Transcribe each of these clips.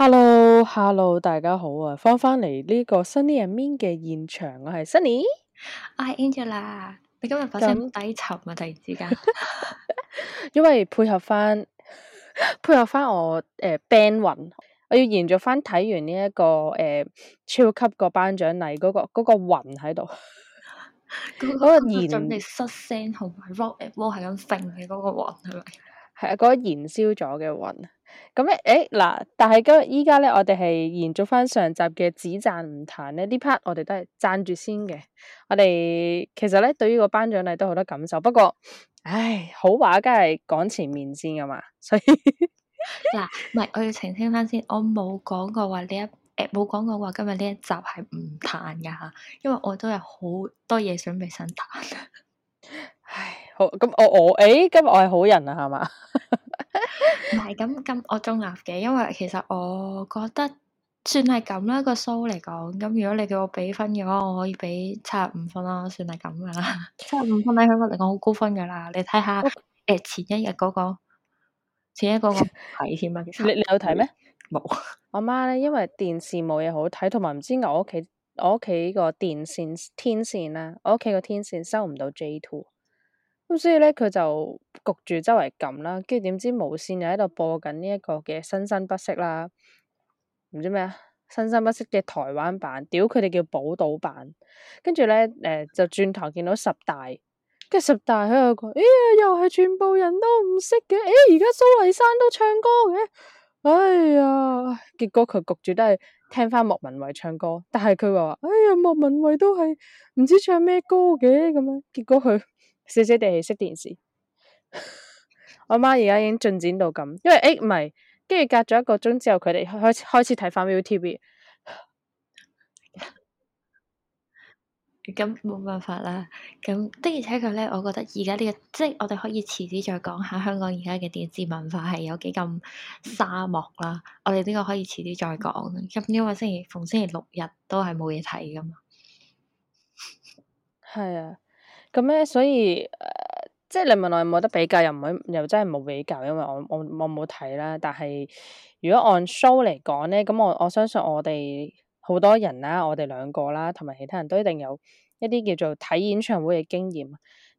Hello，Hello，hello, 大家好啊！翻返嚟呢個 Sunny and Me 嘅現場，我係 Sunny，我係 Angela。你今日發聲咁低沉啊！突然之間， 因為配合翻配合翻我誒、呃、band 魂，我要延續翻睇完呢、這、一個誒超級個頒獎禮嗰、那個嗰、那個魂喺度，嗰、 那個燃失聲同埋 rock and roll 係咁揈起嗰個魂係咪？係啊，嗰、那個燃燒咗嘅魂。咁咧，誒、嗯，嗱、欸，但係今日依家咧，我哋係延續翻上,上集嘅只讚唔彈咧，呢 part 我哋都係讚住先嘅。我哋其實咧，對於個頒獎禮都好多感受，不過，唉，好話梗係講前面先噶嘛，所以嗱，唔 係我要澄清翻先，我冇講過話呢一，誒、呃，冇講過話今日呢一集係唔彈噶吓，因為我都有好多嘢想俾佢彈。唉，好，咁、嗯、我我，誒、欸，今日我係好人啊，係嘛？唔係咁咁，我中立嘅，因為其實我覺得算係咁啦，個 show 嚟講。咁如果你叫我俾分嘅話，我可以俾七十五分咯，算係咁噶啦。七十五分喺香港嚟講好高分噶啦，你睇下誒前一日嗰、嗰個前一、嗰個個睇添啊，你你有睇咩？冇， 我媽咧，因為電視冇嘢好睇，同埋唔知我屋企我屋企個電線天線啦、啊，我屋企個天線收唔到 J Two。咁所以咧，佢就焗住周圍撳啦。跟住點知無線又喺度播緊呢一個嘅《生生不息》啦，唔知咩啊，《生生不息》嘅台灣版，屌佢哋叫寶島版。跟住咧，誒、呃、就轉頭見到十大，跟住十大喺度講，哎呀，又係全部人都唔識嘅。誒而家蘇慧珊都唱歌嘅，哎呀！結果佢焗住都係聽翻莫文蔚唱歌，但係佢話，哎呀，莫文蔚都係唔知唱咩歌嘅咁樣。結果佢。少少地起識電視， 我媽而家已經進展到咁，因為誒唔係，跟住隔咗一個鐘之後，佢哋開開始睇翻 Viu TV。咁 冇、嗯、辦法啦，咁、嗯、的而且確咧，我覺得而家呢個即係我哋可以遲啲再講下香港而家嘅電視文化係有幾咁沙漠啦。我哋呢個可以遲啲再講，咁、嗯、因為星期逢星期六日都係冇嘢睇噶嘛。係 啊。咁咧，所以誒、呃，即係你問我有冇得比較，又唔會，又真係冇比較，因為我我我冇睇啦。但係如果按 show 嚟講咧，咁我我相信我哋好多人啦，我哋兩個啦，同埋其他人都一定有一啲叫做睇演唱會嘅經驗。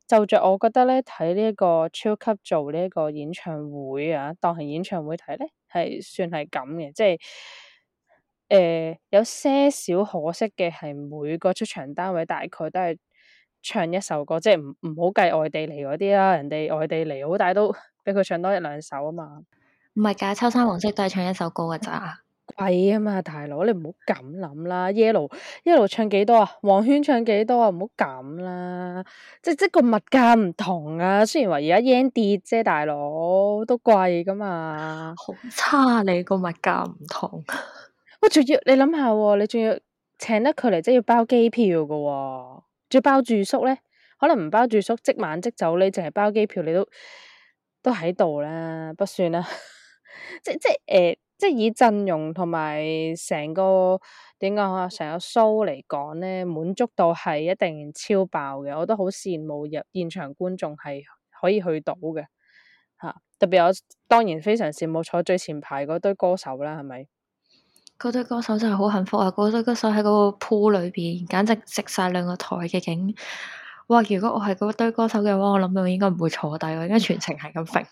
就着我覺得咧，睇呢一個 Chill Club 做呢一個演唱會啊，當係演唱會睇咧，係算係咁嘅，即係誒、呃、有些少可惜嘅係每個出場單位大概都係。唱一首歌，即係唔唔好計外地嚟嗰啲啦。人哋外地嚟好，大都畀佢唱多一兩首啊嘛。唔係噶，秋山黃色都係唱一首歌噶咋貴啊貴嘛，大佬你唔好咁諗啦。Yellow Yellow 唱幾多啊？黃圈唱幾多啊？唔好咁啦，即即個物價唔同啊。雖然話而家 yen 跌啫，大佬都貴噶嘛。好差你個物價唔同，我 仲、啊、要你諗下，你仲、啊、要請得佢嚟，即要包機票噶、啊。再包住宿咧，可能唔包住宿即晚即走咧，淨係包機票，你都都喺度啦，不算啦。 即即誒、呃，即以陣容同埋成個點講啊，成個 show 嚟講咧，滿足度係一定超爆嘅。我都好羨慕入現場觀眾係可以去到嘅嚇、啊，特別我當然非常羨慕坐最前排嗰堆歌手啦，係咪？嗰堆歌手真係好幸福啊！嗰堆歌手喺嗰個鋪裏邊，簡直食晒兩個台嘅景。哇！如果我係嗰堆歌手嘅話，我諗我應該唔會坐低，我應該全程係咁揈。誒，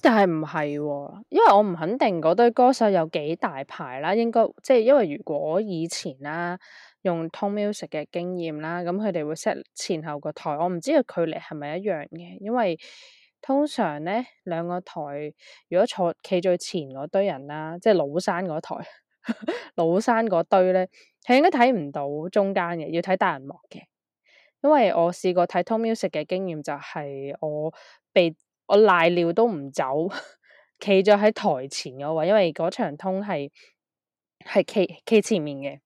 但係唔係喎？因為我唔肯定嗰堆歌手有幾大牌啦。應該即係因為如果以前啦，用 Tom Music 嘅經驗啦，咁佢哋會 set 前後個台。我唔知個距離係咪一樣嘅，因為通常咧兩個台，如果坐企最前嗰堆人啦，即係老山嗰台。老山嗰堆咧，係應該睇唔到中間嘅，要睇大銀幕嘅。因為我試過睇通 music 嘅經驗就係我被我賴尿都唔走，企咗喺台前個位，因為嗰場通係係企企前面嘅，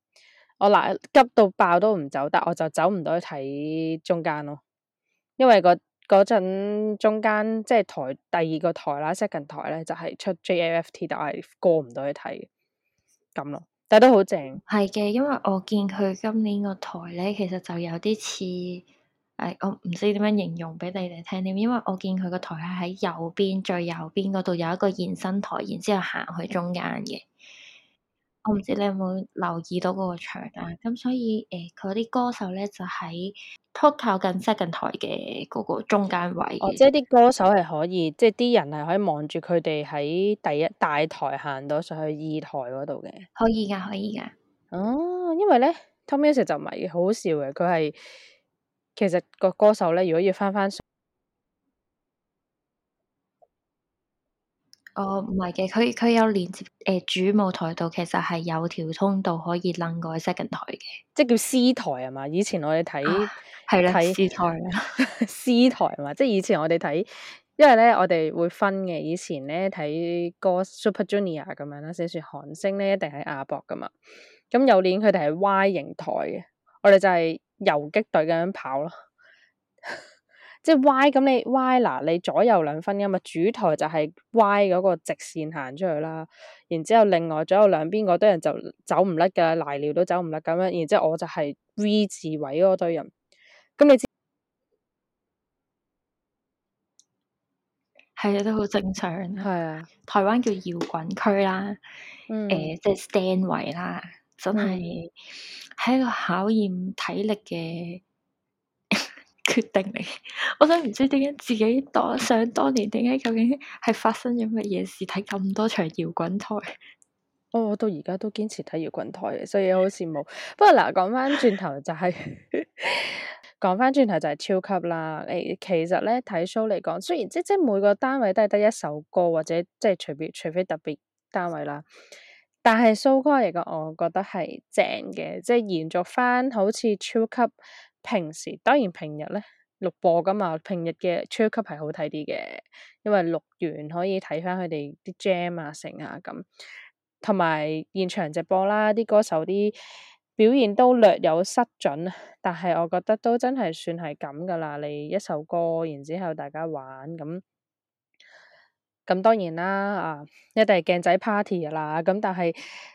我賴急到爆都唔走得，我就走唔到去睇中間咯。因為嗰陣中間即係台第二個台啦，second 台咧就係出 JAFT，但係過唔到去睇。咁咯，但係都好正。係嘅，因為我見佢今年個台咧，其實就有啲似，誒，我唔知點樣形容俾你哋聽點，因為我見佢個台係喺右邊最右邊嗰度有一個延伸台，然之後行去中間嘅。嗯我唔知你有冇留意到嗰個場啊，咁所以誒，佢啲歌手咧就喺托靠近 second 台嘅嗰個中間位。哦，即係啲歌手係可以，即係啲人係可以望住佢哋喺第一大台行到上去二台嗰度嘅。可以噶，可以噶。哦，因為咧 Tommy 先生就唔係好好笑嘅，佢係其實個歌手咧，如果要翻翻。哦，唔係嘅，佢佢有連接誒、呃、主舞台度，其實係有條通道可以楞過 second 台嘅，即係叫 C 台啊嘛，以前我哋睇係啦，睇 C 台 C 台啊嘛，即係以前我哋睇，因為咧我哋會分嘅，以前咧睇歌 Super Junior 咁樣啦，寫住韓星咧一定係亞博噶嘛，咁有年佢哋係 Y 形台嘅，我哋就係游擊隊咁樣跑咯。 即係 Y 咁你 Y 嗱你左右兩分噶嘛，主台就係 Y 嗰個直線行出去啦，然之後另外左右兩邊嗰堆人就走唔甩噶，瀨尿都走唔甩咁樣，然之後我就係 V 字位嗰堆人，咁你知係啊都好正常，係啊的，台灣叫搖滾區啦，誒、嗯，即係 stand 位啦，嗯、真係係一個考驗體力嘅。決定嚟，我想唔知點解自己當想當年點解究竟係發生咗乜嘢事睇咁多場搖滾台、哦，我到而家都堅持睇搖滾台嘅，所以好羨慕。 不過嗱，講翻轉頭就係講翻轉頭就係 Chill Club 啦。誒，其實咧睇 show 嚟講，雖然即即每個單位都係得一首歌或者即係除別除非特別單位啦，但係 show 歌嚟講，我覺得係正嘅，即係延續翻好似 Chill Club。平時當然平日咧，錄播噶嘛，平日嘅 Chill Club 係好睇啲嘅，因為錄完可以睇翻佢哋啲 jam 啊、成啊咁，同埋現場直播啦，啲歌手啲表現都略有失準，但係我覺得都真係算係咁噶啦。你一首歌，然之後大家玩咁，咁當然啦，啊一定係鏡仔 party 啦。咁但係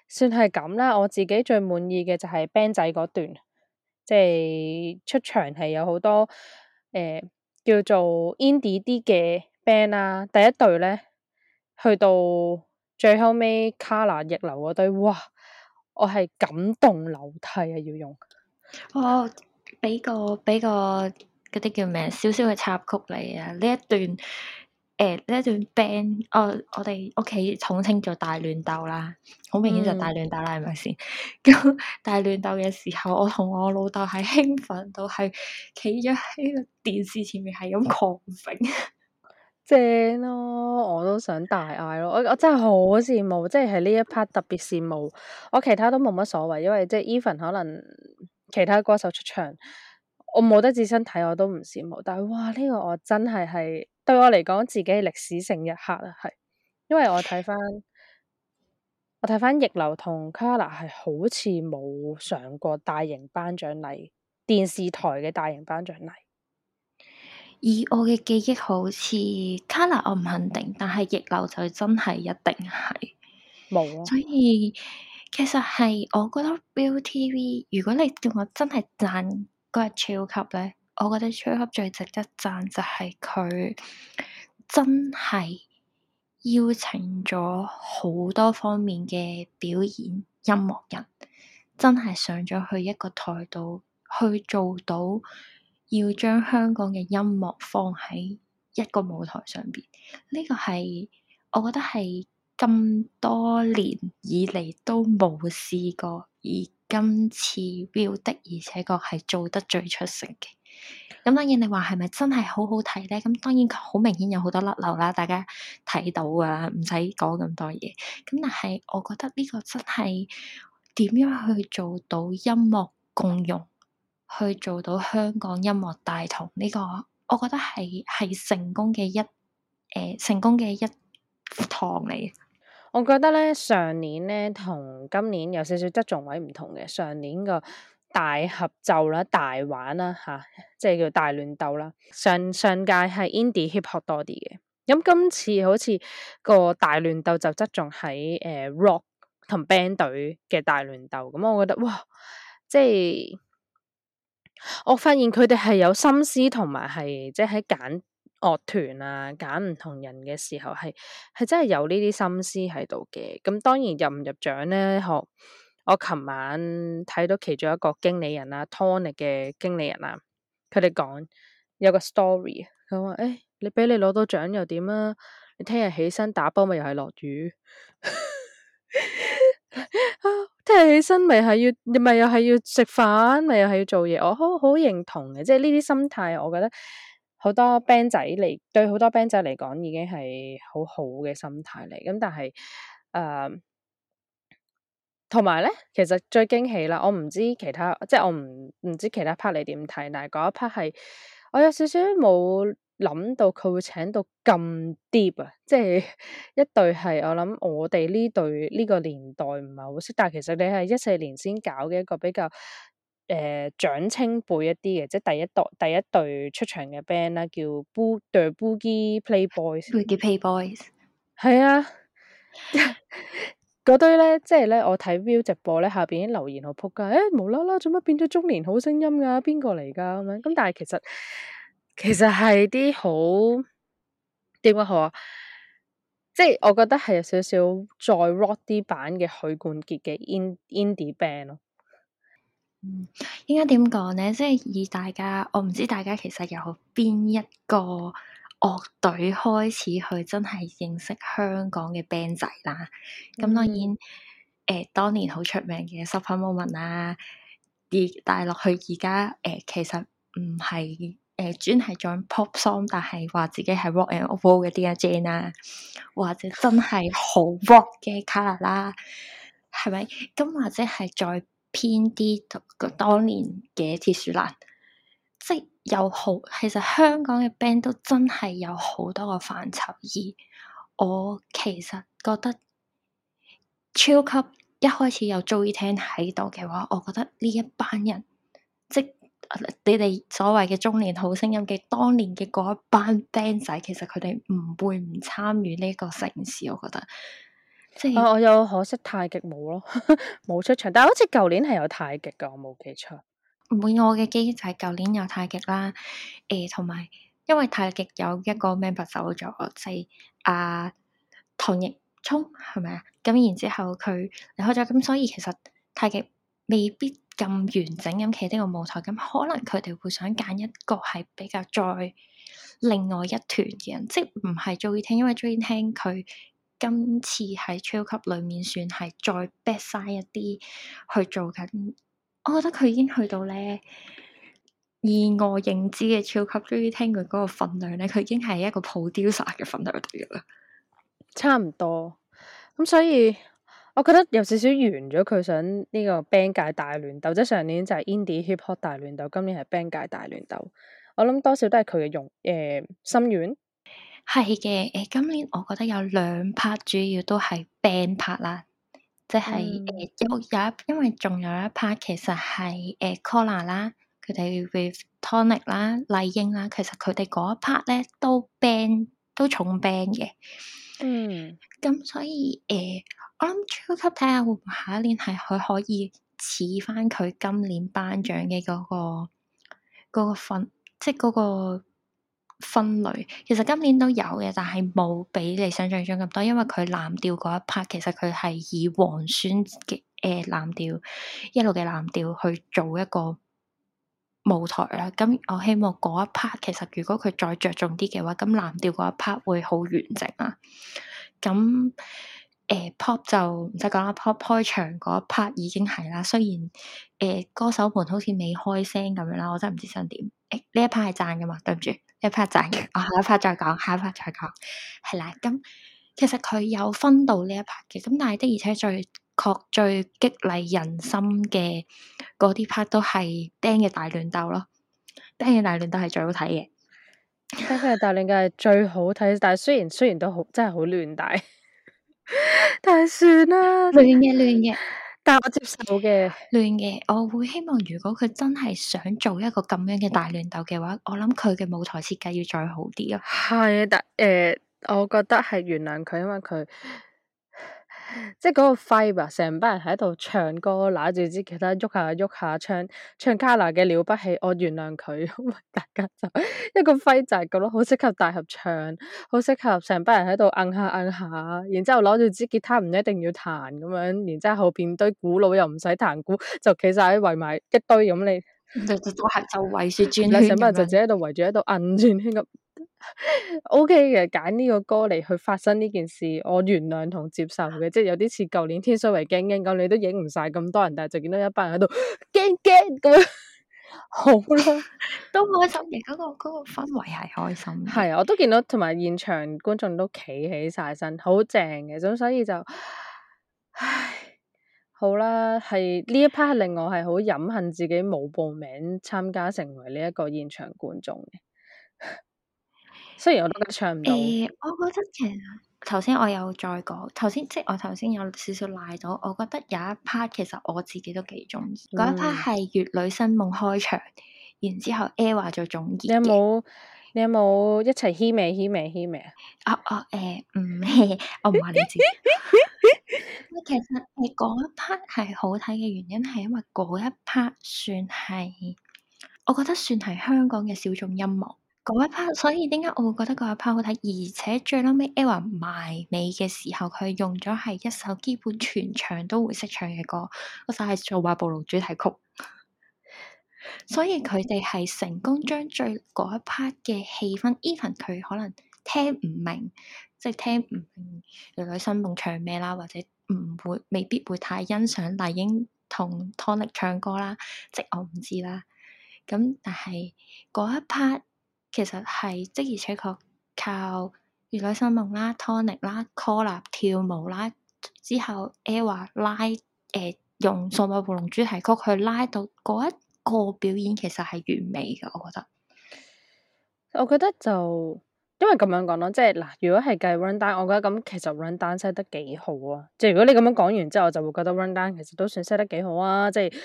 算係咁啦，我自己最滿意嘅就係 band 仔嗰段。即係出場係有好多誒、呃、叫做 indie 啲嘅 band 啦，第一隊咧去到最後尾 Kolor 逆流嗰堆，哇！我係感動樓梯啊，要用哦，俾個俾個嗰啲叫咩？小小嘅插曲嚟啊，呢一段。誒，呢一、欸、段 band，、哦、我我哋屋企統稱做大亂鬥啦，好、嗯、明顯就大亂鬥啦，係咪先？咁 大亂鬥嘅時候，我同我老豆係興奮到係企咗喺電視前面，係咁狂搵，正咯、啊！我都想大嗌咯，我我真係好羨慕，即係喺呢一 part 特別羨慕。我其他都冇乜所謂，因為即係 even 可能其他歌手出場，我冇得自身睇，我都唔羨慕。但係哇，呢、這個我真係係。對我嚟講，自己歷史性一刻啊，係因為我睇翻我睇翻逆流同卡拉係好似冇上過大型頒獎禮，電視台嘅大型頒獎禮。以我嘅記憶好似卡拉我唔肯定，但係逆流就真係一定係冇啊。所以其實係我覺得 ViuTV, 如果你叫我真係讚嗰日 Chill Club 咧。我覺得吹級最值得讚就係佢真係邀請咗好多方面嘅表演音樂人，真係上咗去一個台度去做到要將香港嘅音樂放喺一個舞台上邊。呢、這個係我覺得係咁多年以嚟都冇試過，而今次 Viu 的，而且確係做得最出色嘅。咁當然你話係咪真係好好睇呢？咁當然好明顯有好多甩漏,漏啦，大家睇到㗎，唔使講咁多嘢。咁但係我覺得呢個真係點樣去做到音樂共融，去做到香港音樂大同呢、這個，我覺得係係成功嘅一誒、呃、成功嘅一堂嚟。我覺得呢上年呢，同今年有少少側重位唔同嘅，上年個。大合奏啦，大玩啦，吓、啊，即係叫大亂鬥啦。上上屆係 Indie Hip Hop 多啲嘅，咁、啊、今次好似個大亂鬥就側重喺誒、呃、Rock 同 band 隊嘅大亂鬥。咁、啊、我覺得哇，即係我發現佢哋係有心思同埋係即係喺揀樂團啊、揀唔同人嘅時候係係真係有呢啲心思喺度嘅。咁、啊、當然入唔入獎咧，可？我琴晚睇到其中一個經理人啊，Tony 嘅經理人啊，佢哋講有個 story，佢話：誒、哎，你畀你攞到獎又點啊？你聽日起身打波咪又係落雨，啊！聽日起身咪係要，咪又係要食飯，咪又係要做嘢。我好好認同嘅，即係呢啲心態，我覺得好多 band 仔嚟，對好多 band 仔嚟講已經係好好嘅心態嚟。咁但係，誒、呃。同埋咧，其實最驚喜啦！我唔知其他，即係我唔唔知其他 part 你點睇，但係嗰一 part 係我有少少冇諗到佢會請到咁 deep 啊！即係一隊係我諗我哋呢隊呢個年代唔係好識，但係其實你係一四年先搞嘅一個比較誒長青輩一啲嘅，即係第一代第一隊出場嘅 band 啦，叫 Boo 對 Boogie Playboys。Boogie Playboys。係啊。 嗰堆咧，即係咧，我睇 view 直播咧，下邊啲留言好仆街，誒、欸，無啦啦，做乜變咗中年好聲音噶？邊個嚟噶？咁樣，咁但係其實其實係啲好點講好啊，即係我覺得係有少少再 rock 啲版嘅許冠傑嘅 in indie band 咯。嗯，應該點講咧？即係以大家，我唔知大家其實有邊一個。樂隊開始去真係認識香港嘅 band 仔啦，咁當然，誒、mm hmm. 呃、當年好出名嘅 Supper Moment 啊，而大陸去而家誒其實唔係誒專係做 pop song，但係話自己係 rock and roll 嘅 DJ 啦，或者真係好 rock 嘅卡拉啦，係咪？咁或者係再偏啲到當年嘅鐵樹蘭。有好，其實香港嘅 band 都真係有好多個範疇，而我其實覺得超級一開始有鍾意聽喺度嘅話，我覺得呢一班人，即你哋所謂嘅中年好聲音嘅當年嘅嗰一班 band 仔，其實佢哋唔會唔參與呢個城市。我覺得。即、啊、我有可惜太極冇咯，冇 出場，但好似舊年係有太極噶，我冇記錯。唔會，我嘅記憶就係舊年有太極啦，誒同埋因為太極有一個 member 走咗，即係阿唐奕聰係咪啊？咁然之後佢離開咗，咁所以其實太極未必咁完整咁企呢個舞台，咁可能佢哋會想揀一個係比較再另外一團嘅人，即係唔係 joy 聽，因為 joy 聽佢今次喺超級裏面算係再 best 曬一啲去做緊。我覺得佢已經去到咧，以我認知嘅超級中意聽佢嗰個份量咧，佢已經係一個 producer 嘅份量度嘅啦，差唔多。咁所以我覺得有少少完咗佢想呢個 band 界大亂鬥，即係上年就係 indie hip hop 大亂鬥，今年係 band 界大亂鬥。我諗多少都係佢嘅用誒心願。係嘅，誒、呃，今年我覺得有兩 part，主要都係 band part 啦。即係誒，有有一，因為仲有一 part 其實係誒、呃、Kola 啦，佢哋 with Tonic 啦、麗英啦，其實佢哋嗰一 part 咧都病都重病嘅。嗯，咁所以誒、呃，我諗超級睇下會唔會下一年係佢可以似翻佢今年頒獎嘅嗰、嗰個嗰、嗰個份，即係嗰、嗰個。.分類其實今年都有嘅，但係冇比你想象中咁多，因為佢藍調嗰一 part 其實佢係以黃宣嘅誒藍調一路嘅藍調去做一個舞台啦。咁我希望嗰一 part 其實如果佢再着重啲嘅話，咁藍調嗰一 part 會好完整啊。咁。誒、欸、，pop 就唔使講啦，pop 開場嗰一 part 已經係啦。雖然誒、欸，歌手們好似未開聲咁樣啦，我真係唔知想點。呢、欸、一 part 係讚嘅嘛，對唔住，呢一 part 讚嘅。 我下一 part 再講，下一 part 再講，係啦。咁其實佢有分到呢一 part 嘅，咁但係的而且最確最激勵人心嘅嗰啲 part 都係 band 嘅大亂鬥咯，band 嘅大亂鬥係最好睇嘅。band 嘅大亂鬥係最好睇，但係雖然雖然都好真係好亂，但係。 但係算啦，亂嘅亂嘅，亂 但係我接受嘅亂嘅，我會希望如果佢真係想做一個咁樣嘅大亂鬥嘅話，我諗佢嘅舞台設計要再好啲啊。係啊，但、呃、誒，我覺得係原諒佢，因為佢。 即係嗰個揮啊，成班人喺度唱歌，拿住支吉他喐下喐下，唱唱《卡拉》嘅《了不起》，我原諒佢，咁啊，大家就一個揮就係咁咯，好適合大合唱，好適合成班人喺度摁下摁下，然之後攞住支吉他唔一定要彈咁樣，然之後後邊堆鼓佬又唔使彈鼓，就企晒喺圍埋一堆咁你，就到合就圍住轉圈，成班人就自己喺度圍住喺度摁轉圈咁。O K 嘅，揀呢、okay、個歌嚟去發生呢件事，我原諒同接受嘅，啊、即係有啲似舊年天衰為驚驚咁，你都影唔晒咁多人，但係就見到一班人喺度驚驚咁樣，好啦，都、那個那個、開心嘅，嗰個嗰個氛圍係開心嘅，係啊，我都見到同埋現場觀眾都企起晒身，好正嘅，咁所以就唉好啦，係呢一 part 令我係好憎恨自己冇報名參加，成為呢一個現場觀眾嘅。雖然我都唱唔到。誒，我覺得其實頭先我有再講，頭先即係我頭先有少少賴到，我覺得有一 part 其實我自己都幾中意。嗰、嗯、一 part 係《粵女新夢》開場，然之後 Ava、e、就總結。你有冇？你有冇一齊黐尾黐尾黐尾？啊啊誒，唔黐，我唔話、欸、你自己。JJ, 其實你講一 part 係好睇嘅原因係因為嗰一 part 算係，我覺得算係香港嘅小眾音樂。嗰一 part，所以點解我會覺得嗰一 part 好睇？而且最嬲尾，Ella 埋尾嘅時候，佢用咗係一首基本全場都會識唱嘅歌，嗰首係做話暴露主題曲。所以佢哋係成功將最嗰一 part 嘅氣氛，even 佢可能聽唔明，即係聽唔明女女生夢唱咩啦，或者唔會未必會太欣賞麗英同 Tony 唱歌啦，即我唔知啦。咁但係嗰一 part。其實係，即而且確，靠《與女心夢》啦、Tonic 啦、Call Up》、《跳舞啦，之後 Eva 拉誒、呃、用《數碼暴龍》主題曲去拉到嗰一個表演，其實係完美嘅。我覺得，我覺得就因為咁樣講咯，即係嗱，如果係計 Run Down，我覺得咁其實 Run Down set 得幾好啊。即係如果你咁樣講完之後，我就會覺得 Run Down 其實都算 set 得幾好啊。即係誒、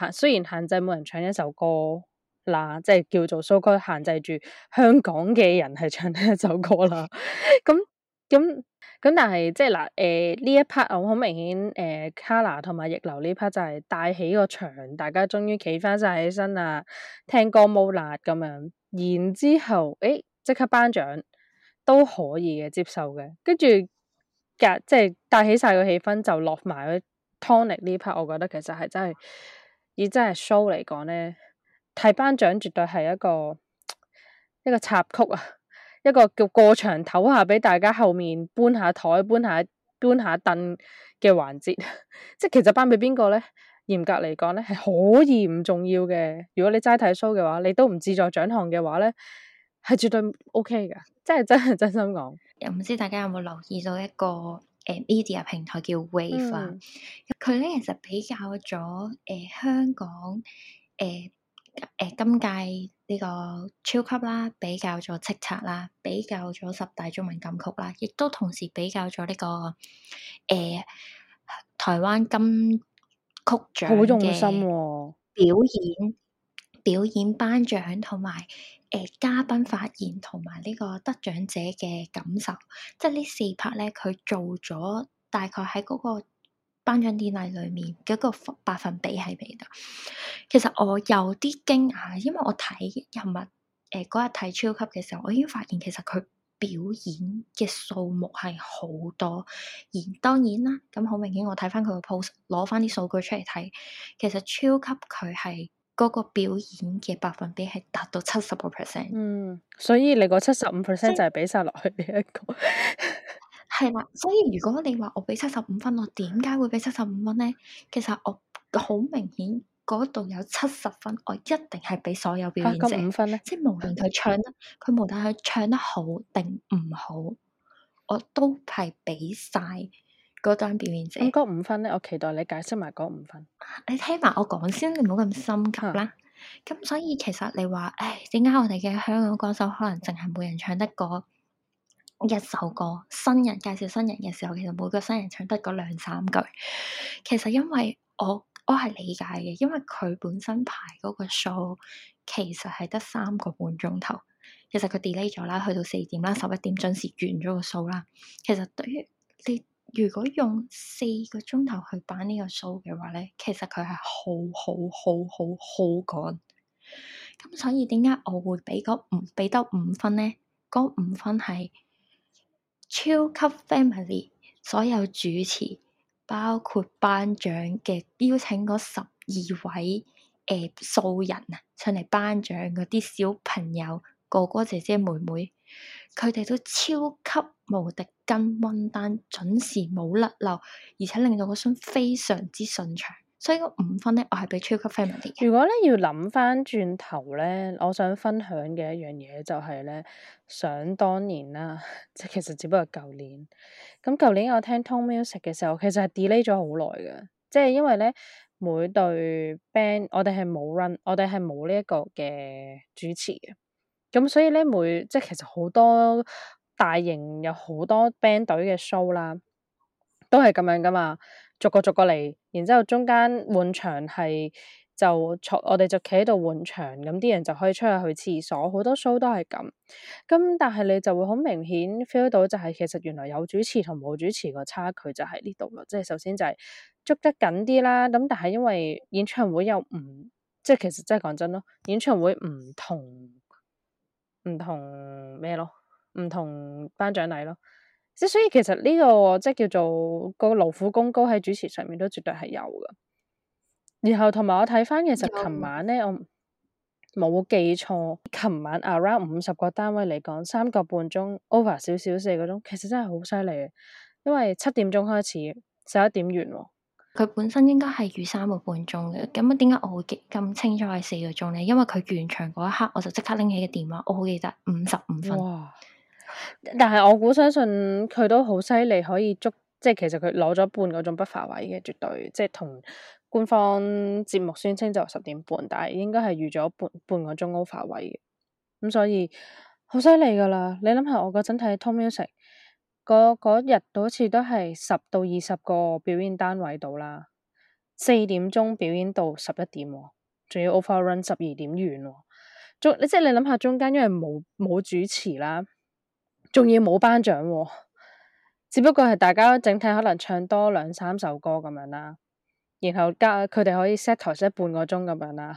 呃，雖然限制冇人唱一首歌。嗱，即係叫做 show 限制住香港嘅人係唱呢一首歌啦。咁咁咁，但係即係嗱，誒呢一 part 我好明顯，誒 Kala 同埋逆流呢 part 就係帶起個場，大家終於企翻晒起身啊，聽歌冇辣咁樣。然之後，誒即刻頒獎都可以嘅接受嘅，跟住隔即係帶起晒個氣氛，就落埋 tonic 呢 part，我覺得其實係真係以真係 show 嚟講咧，睇頒獎絕對係一個一個插曲啊，一個叫過場唞下畀大家，後面搬下台、搬下搬下凳嘅環節。即 係其實頒俾邊個咧？嚴格嚟講咧，係可以唔重要嘅。如果你齋睇 show 嘅話，你都唔自在獎項嘅話咧，係絕對 OK 嘅。即係真係真，真心講。又唔知大家有冇留意到一個誒、呃、media 平台叫 Wave 啊？佢咧、嗯、其實比較咗誒、呃、香港誒。呃誒，今屆呢個超級啦，比較咗叱咤啦，比較咗十大中文金曲啦，亦都同時比較咗呢、這個誒、呃、台灣金曲獎好用心,、哦、表演、表演頒獎同埋誒嘉賓發言同埋呢個得獎者嘅感受，即係呢四 part a 咧，佢做咗大概喺一、嗰個。頒獎典禮裏面嗰、那個百分比係未多？其實我有啲驚訝，因為我睇琴日誒嗰日睇 Chill Club 嘅時候，我已經發現其實佢表演嘅數目係好多。而當然啦，咁好明顯，我睇翻佢個 post，攞翻啲數據出嚟睇，其實 Chill Club 佢係嗰個表演嘅百分比係達到七十 percent。嗯，所以你個七十五 percent 就係俾晒落去呢、這、一個。 係啦，所以如果你話我畀七十五分，我點解會畀七十五分呢？其實我好明顯嗰度有七十分，我一定係畀所有表演者。五、啊、分呢，即係無論佢唱得，佢無論佢唱得好定唔好，我都係畀晒嗰單表演者。嗰五分呢，我期待你解釋埋嗰五分。你聽埋我講先，你唔好咁心急啦。咁、嗯、所以其實你話，唉，點解我哋嘅香港歌手可能淨係冇人唱得過？一首歌新人介紹新人嘅時候，其實每個新人唱得嗰兩三句。其實因為我我係理解嘅，因為佢本身排嗰個數其實係得三個半鐘頭。其實佢 delay 咗啦，去到四點啦，十一點準時完咗個數啦。其實對於你如果用四個鐘頭去辦呢個數嘅話咧，其實佢係好好好好好趕。咁所以點解我會畀嗰五畀得五分咧？嗰五分係。超級 family，所有主持包括頒獎嘅邀請嗰十二位誒素、呃、人啊，上嚟頒獎嗰啲小朋友哥哥姐姐妹妹，佢哋都超級無敵跟溫，但準時冇甩漏，而且令到個心非常之順暢。所以個五分咧，我係俾超級 family 啲嘅。如果咧要諗翻轉頭咧，我想分享嘅一樣嘢就係咧，想當年啦，即係其實只不過舊年。咁舊年我聽 Tone Music 嘅時候，其實係 delay 咗好耐嘅，即係因為咧每隊 band，我哋係冇 run，我哋係冇呢一個嘅主持嘅。咁所以咧每即係其實好多大型有好多 band 隊嘅 show 啦。都係咁樣噶嘛，逐個逐個嚟，然之後中間換場係就坐，我哋就企喺度換場，咁啲人就可以出去去廁所，好多 show 都係咁。咁但係你就會好明顯 feel 到，就是，就係其實原來有主持同冇主持個差距就喺呢度咯。即係首先就係捉得緊啲啦。咁但係因為演唱會又唔即係其實真係講真咯，演唱會唔同唔同咩咯，唔同頒獎禮咯。即所以，其實呢個即叫做個勞苦功高喺主持上面都絕對係有嘅。然後同埋我睇翻，其實琴晚咧，我冇記錯，琴晚 around 五十個單位，嚟講三個半鐘 over 少少四個鐘，其實真係好犀利嘅。因為七點鐘開始，十一點完喎。佢本身應該係預三個半鐘嘅，咁啊點解我會咁清楚係四個鐘呢？因為佢完場嗰一刻，我就即刻拎起個電話，我好記得五十五分。哇但係我估相信佢都好犀利，可以捉即係，其實佢攞咗半嗰種不乏位嘅，絕對即係同官方節目宣稱就十點半，但係應該係預咗半半個鐘 over 位嘅，咁、嗯、所以好犀利噶啦。你諗下，我嗰陣睇 Tone Music 嗰嗰日，好似都係十到二十個表演單位度啦，四點鐘表演到十一點喎，仲要 over run 十二點完喎，即你即係你諗下中間因為冇冇主持啦。仲要冇頒獎，只不過係大家整體可能唱多兩三首歌咁樣啦，然後加佢哋可以 set 台 set 半個鐘咁樣啦，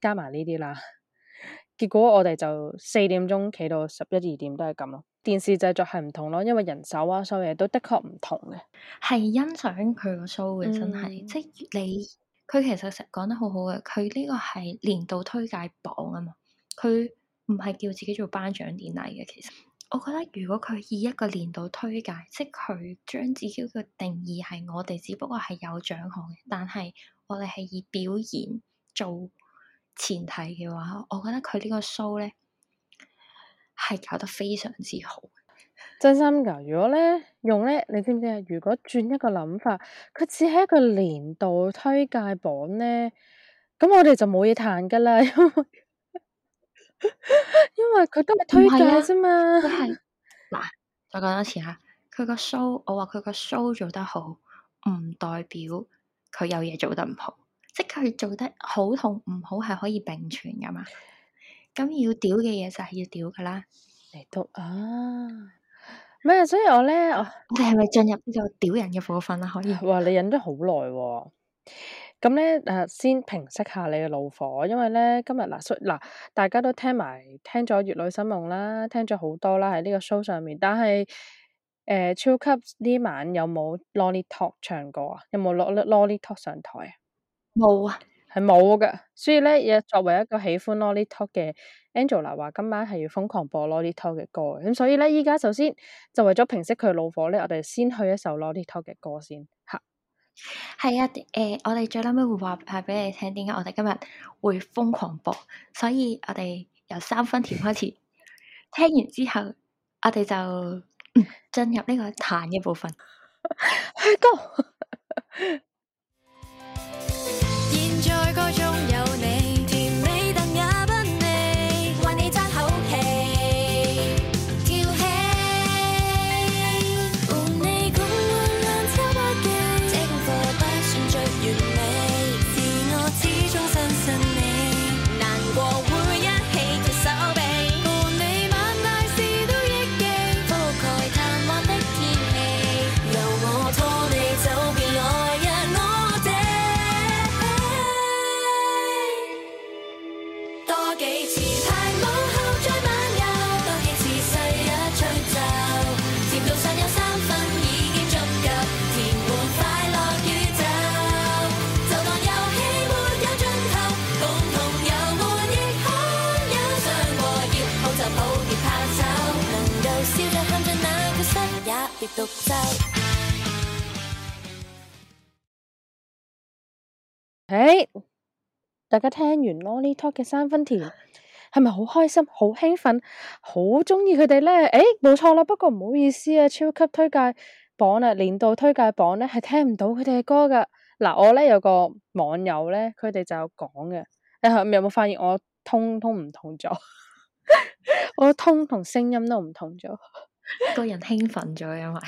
加埋呢啲啦，結果我哋就四點鐘企到十一二點都係咁咯。電視製作係唔同咯，因為人手啊，所有嘢都的確唔同嘅。係欣賞佢個 show 嘅，真係、嗯、即係你，佢其實成日講得好好嘅，佢呢個係年度推介榜啊嘛，佢唔係叫自己做頒獎典禮嘅，其實。我覺得如果佢以一個年度推介，即係佢將自己嘅定義係我哋，只不過係有獎項嘅，但係我哋係以表現做前提嘅話，我覺得佢呢個 show 咧係搞得非常之好。真心㗎，如果咧用咧，你知唔知啊？如果轉一個諗法，佢只係一個年度推介榜咧，咁我哋就冇嘢彈㗎啦，因為 因為佢都係推介啫嘛，佢係嗱，再講多次吓，佢個 show 我話佢個 show 做得好，唔代表佢有嘢做得唔好，即係佢做得好同唔好係可以並存噶嘛。咁要屌嘅嘢就係要屌噶啦，嚟到啊咩，啊？所以我咧我哋係咪進入呢個屌人嘅部分啦？可以哇，你忍咗好耐喎。咁咧，誒先平息下你嘅怒火，因為咧今日嗱，嗱大家都聽埋聽咗月女新聞啦，聽咗好多啦喺呢個 show 上面。但係誒 Chill Club 呢晚有冇 Lolly Talk 唱過啊？有冇 Lolly Talk 上台啊？冇啊，係冇嘅。所以咧，也作為一個喜歡 Lolly Talk 嘅 Angela 話今晚係要瘋狂播 Lolly Talk 嘅歌嘅。咁所以咧，依家首先就為咗平息佢嘅怒火咧，我哋先去一首 Lolly Talk 嘅歌先嚇。係啊，誒、呃，我哋最後尾會話下俾你聽，點解我哋今日會瘋狂播，所以我哋由三分甜開始，聽完之後，我哋就進入呢個彈嘅部分， 去 Go。 大家聽完《Lolly Talk》嘅三分甜，係咪好開心、好興奮、好中意佢哋咧？誒、欸，冇錯啦，不過唔好意思啊，超級推介榜啊，年度推介榜咧係聽唔到佢哋嘅歌噶。嗱，我咧有個網友咧，佢哋就有講嘅，你後面有冇發現我通通唔同咗？ 我通同聲音都唔同咗， 個人興奮咗，因為。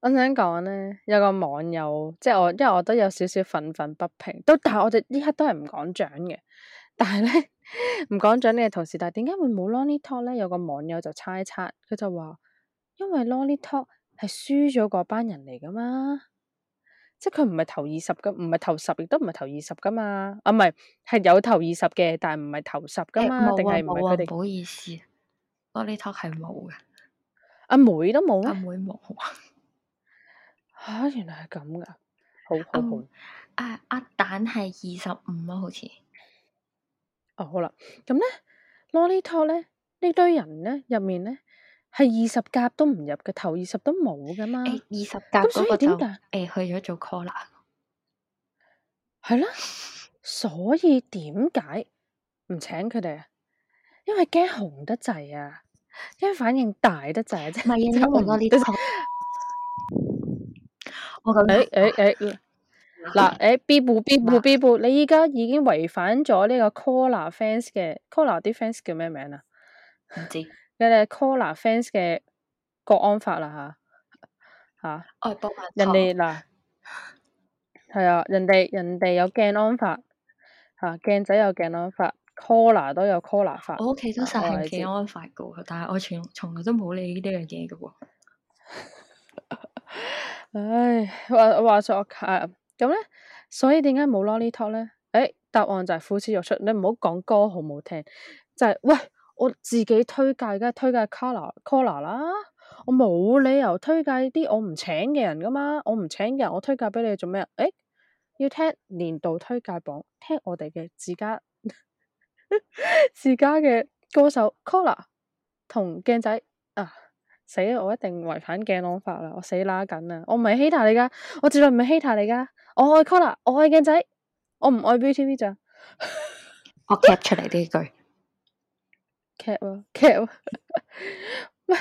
我想講咧，有個網友，即係我，因為我都有少少憤憤不平，都但係我哋呢刻都係唔講獎嘅。但係咧，唔講獎咧，同時但係點解會冇 Lolly Talk 咧？有個網友就猜測，佢就話，因為 Lolly Talk 係輸咗嗰班人嚟噶嘛，即係佢唔係投二十噶，唔係投十，亦都唔係投二十噶嘛。啊，唔係係有投二十嘅，但係唔係投十噶嘛？定係唔佢哋唔好意思，Lolly Talk 係冇嘅。阿妹都冇？阿妹冇？ 吓、啊，原來係咁噶，好好好、嗯。啊，鴨蛋係二十五啊，好似。哦，好啦，咁咧，lolly talk 咧呢,呢堆人咧入面咧係二十甲都唔入嘅，頭二十都冇噶嘛。二十甲，咁所以點解誒去咗做 caller？係啦，所以點解唔請佢哋啊？因為驚紅得滯啊，因為反應大得滯啫。咪應、嗯 誒誒誒，嗱誒、哎，嗶啵嗶啵嗶啵，你依家已經違反咗呢個 Collar fans 嘅 Collar 啲 fans 叫咩名啊？唔知。你哋 Collar fans 嘅國安法啦吓吓。哦、啊，博萬、哎。人哋嗱，係啊，人哋人哋有鏡安法吓，鏡、啊、仔有鏡安法，Collar 都有 Collar 法。我屋企都實行鏡安法噶，但係我從從來都冇理呢啲嘢噶喎。 唉，話話說我我話咗啊，咁咧，所以點解冇 Lolly Talk 咧？誒、欸，答案就係呼之欲出。你唔好講歌好唔好聽，就係、是、喂，我自己推介嘅推介 Color Color 啦，我冇理由推介啲我唔請嘅人噶嘛，我唔請嘅，我推介俾你做咩啊？誒、欸，要聽年度推介榜，聽我哋嘅自家 自家嘅歌手 Color 同鏡仔啊！死啦！我一定違反鏡朗法啦！我死乸緊啦！我唔係希塔嚟噶，我絕對唔係希塔嚟噶。我愛 Collar，我愛鏡仔，我唔愛 BTV 咋 我 cap 出嚟呢句，cap 喎 cap 喎。喂，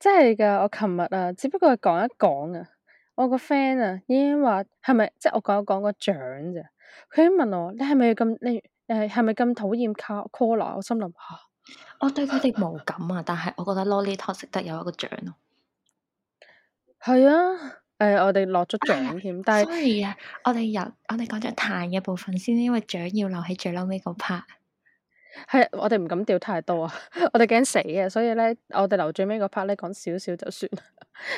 真係噶！我琴日啊，只不過係講一講啊。我個 friend 啊，已經話係咪？即係、就是、我講一講個獎咋？佢應問我，你係咪咁？你係係咪咁討厭 Collar？我心諗吓。啊我對佢哋冇感啊，但係我覺得 Lolly Talk 值得有一個獎咯。係啊，誒、啊欸，我哋落咗獎添，啊啊、但係是，哎呀、啊，我哋入我哋講咗彈嘅部分先，因為獎要留喺最嬲尾嗰 part。係、啊，我哋唔敢掉太多啊，我哋驚死啊，所以咧，我哋留最尾嗰 part 咧講少少就算啦。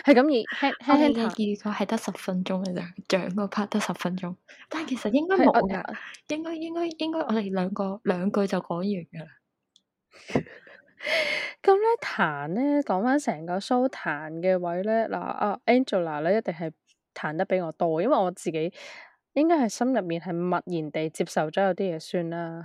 係 咁，okay, 而輕輕第二個係得十分鐘嘅啫，獎嗰 part 得十分鐘，但係其實應該冇噶，應該應該應該我哋兩個兩句就講完噶啦。咁咧，彈咧，講翻成個 show 彈嘅位咧，嗱啊，Angela 咧一定係彈得比我多，因為我自己應該係心入面係默然地接受咗有啲嘢算啦，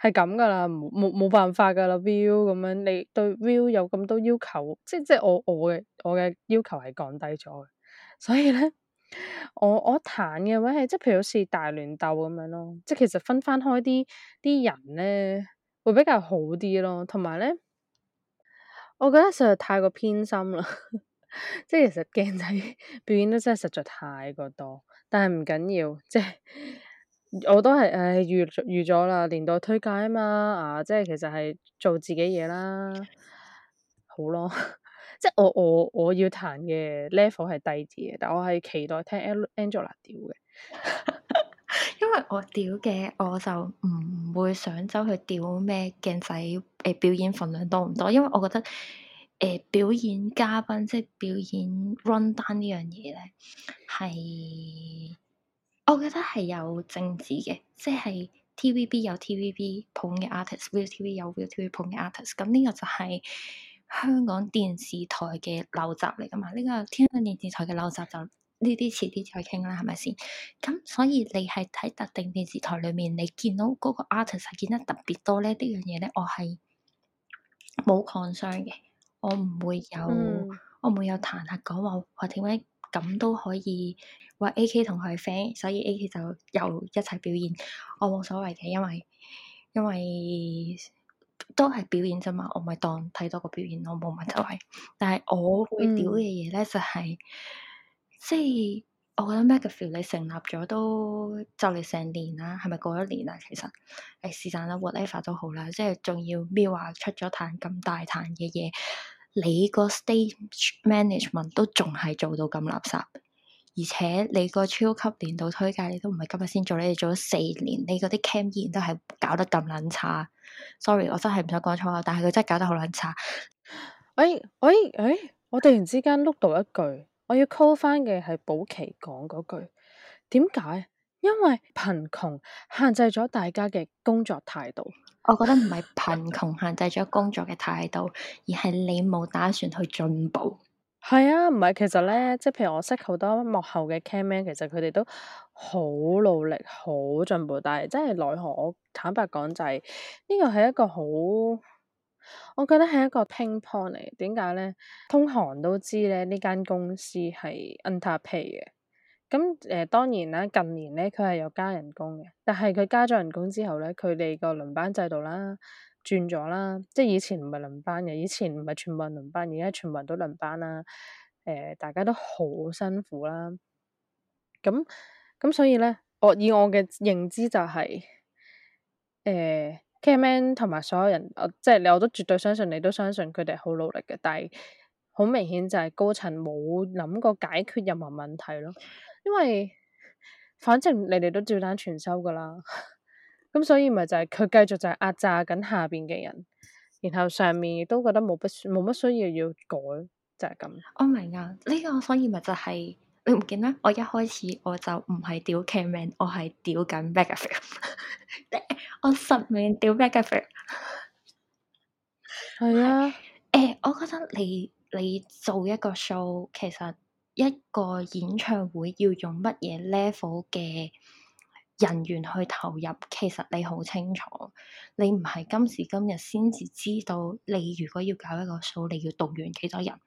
係咁噶啦，冇冇冇辦法噶啦 Viu 咁樣，你對 Viu 有咁多要求，即係即係我我嘅我嘅要求係降低咗嘅，所以咧我我彈嘅位係即係譬如好似大亂鬥咁樣咯，即係其實分翻開啲啲人咧。會比較好啲咯，同埋咧，我覺得實在太過偏心啦，即係其實鏡仔表演得真係實在太過多，但係唔緊要，即係我都係唉預預咗啦，年度推介啊嘛，啊即係其實係做自己嘢啦，好咯，即係我我我要彈嘅 level 係低啲嘅，但我係期待聽 Angela 屌嘅。呵呵。因為我屌嘅，我就唔會想走去屌咩鏡仔誒表演份量多唔多，因為我覺得誒、呃、表演嘉賓即係表演 run down 呢樣嘢咧，係我覺得係有政治嘅，即係 TVB 有 TVB 捧嘅 artist，ViuTV 有 ViuTV 捧嘅 artist，咁呢個就係香港電視台嘅陋習嚟㗎嘛，呢、這個天星電視台嘅陋習就。呢啲遲啲再傾啦，係咪先？咁所以你係睇特定電視台裏面，你見到嗰個 artist 見得特別多呢啲樣嘢咧，我係冇抗雙嘅，我唔會有，嗯、我唔會有彈客講話我點解咁都可以，話 A K 同佢 friend，所以 A K 就又一齊表演，我冇所謂嘅，因為因為都係表演啫嘛，我咪當睇多個表演咯，冇乜所謂。但係我會屌嘅嘢咧就係、是。嗯即係我覺得 MakerVille 成立咗都就嚟成年啦，係咪過一年啦？其實誒，是但啦，whatever 都好啦。即係仲要 Mirror 出咗壇咁大壇嘅嘢，你個 stage management 都仲係做到咁垃圾，而且你個超級年度推介你都唔係今日先做，你哋做咗四年，你嗰啲 cam 依然都係搞得咁撚差。Sorry，我真係唔想講錯口，但係佢真係搞得好撚差。誒誒誒，我突然之間碌到一句。我要 call 返嘅係保奇講嗰句，點解？因為貧窮限制咗大家嘅工作態度。我覺得唔係貧窮限制咗工作嘅態度， 而係你冇打算去進步。係啊，唔係其實咧，即係譬如我識好多幕後嘅 camera，其實佢哋都好努力、好進步，但係真係奈何，我坦白講就係呢個係一個好。我覺得係一個乒乓嚟，點解咧？通行都知咧，呢間公司係 underpay 嘅。咁誒、呃，當然啦，近年咧，佢係有加人工嘅，但係佢加咗人工之後咧，佢哋個輪班制度啦，轉咗啦，即係以前唔係輪班嘅，以前唔係全部人輪班，而家全部人都輪班啦。誒、呃，大家都好辛苦啦。咁咁，所以咧，我以我嘅認知就係、是、誒。呃 K，man 同埋所有人，即係你，我都絕對相信你都相信佢哋好努力嘅，但係好明顯就係高層冇諗過解決任何問題咯，因為反正你哋都照單全收噶啦，咁 所以咪就係佢繼續就係壓榨緊下邊嘅人，然後上面亦都覺得冇乜冇乜需要要改，就係、是、咁。我明啊，呢個所以咪就係、是。你唔見咩？我一開始我就唔係屌 Command，我係屌緊 Backerfield。我實名屌 Backerfield。係啊。誒、欸，我覺得你你做一個 show，其實一個演唱會要用乜嘢 level 嘅人員去投入，其實你好清楚。你唔係今時今日先至知道，你如果要搞一個 show，你要動員幾多人？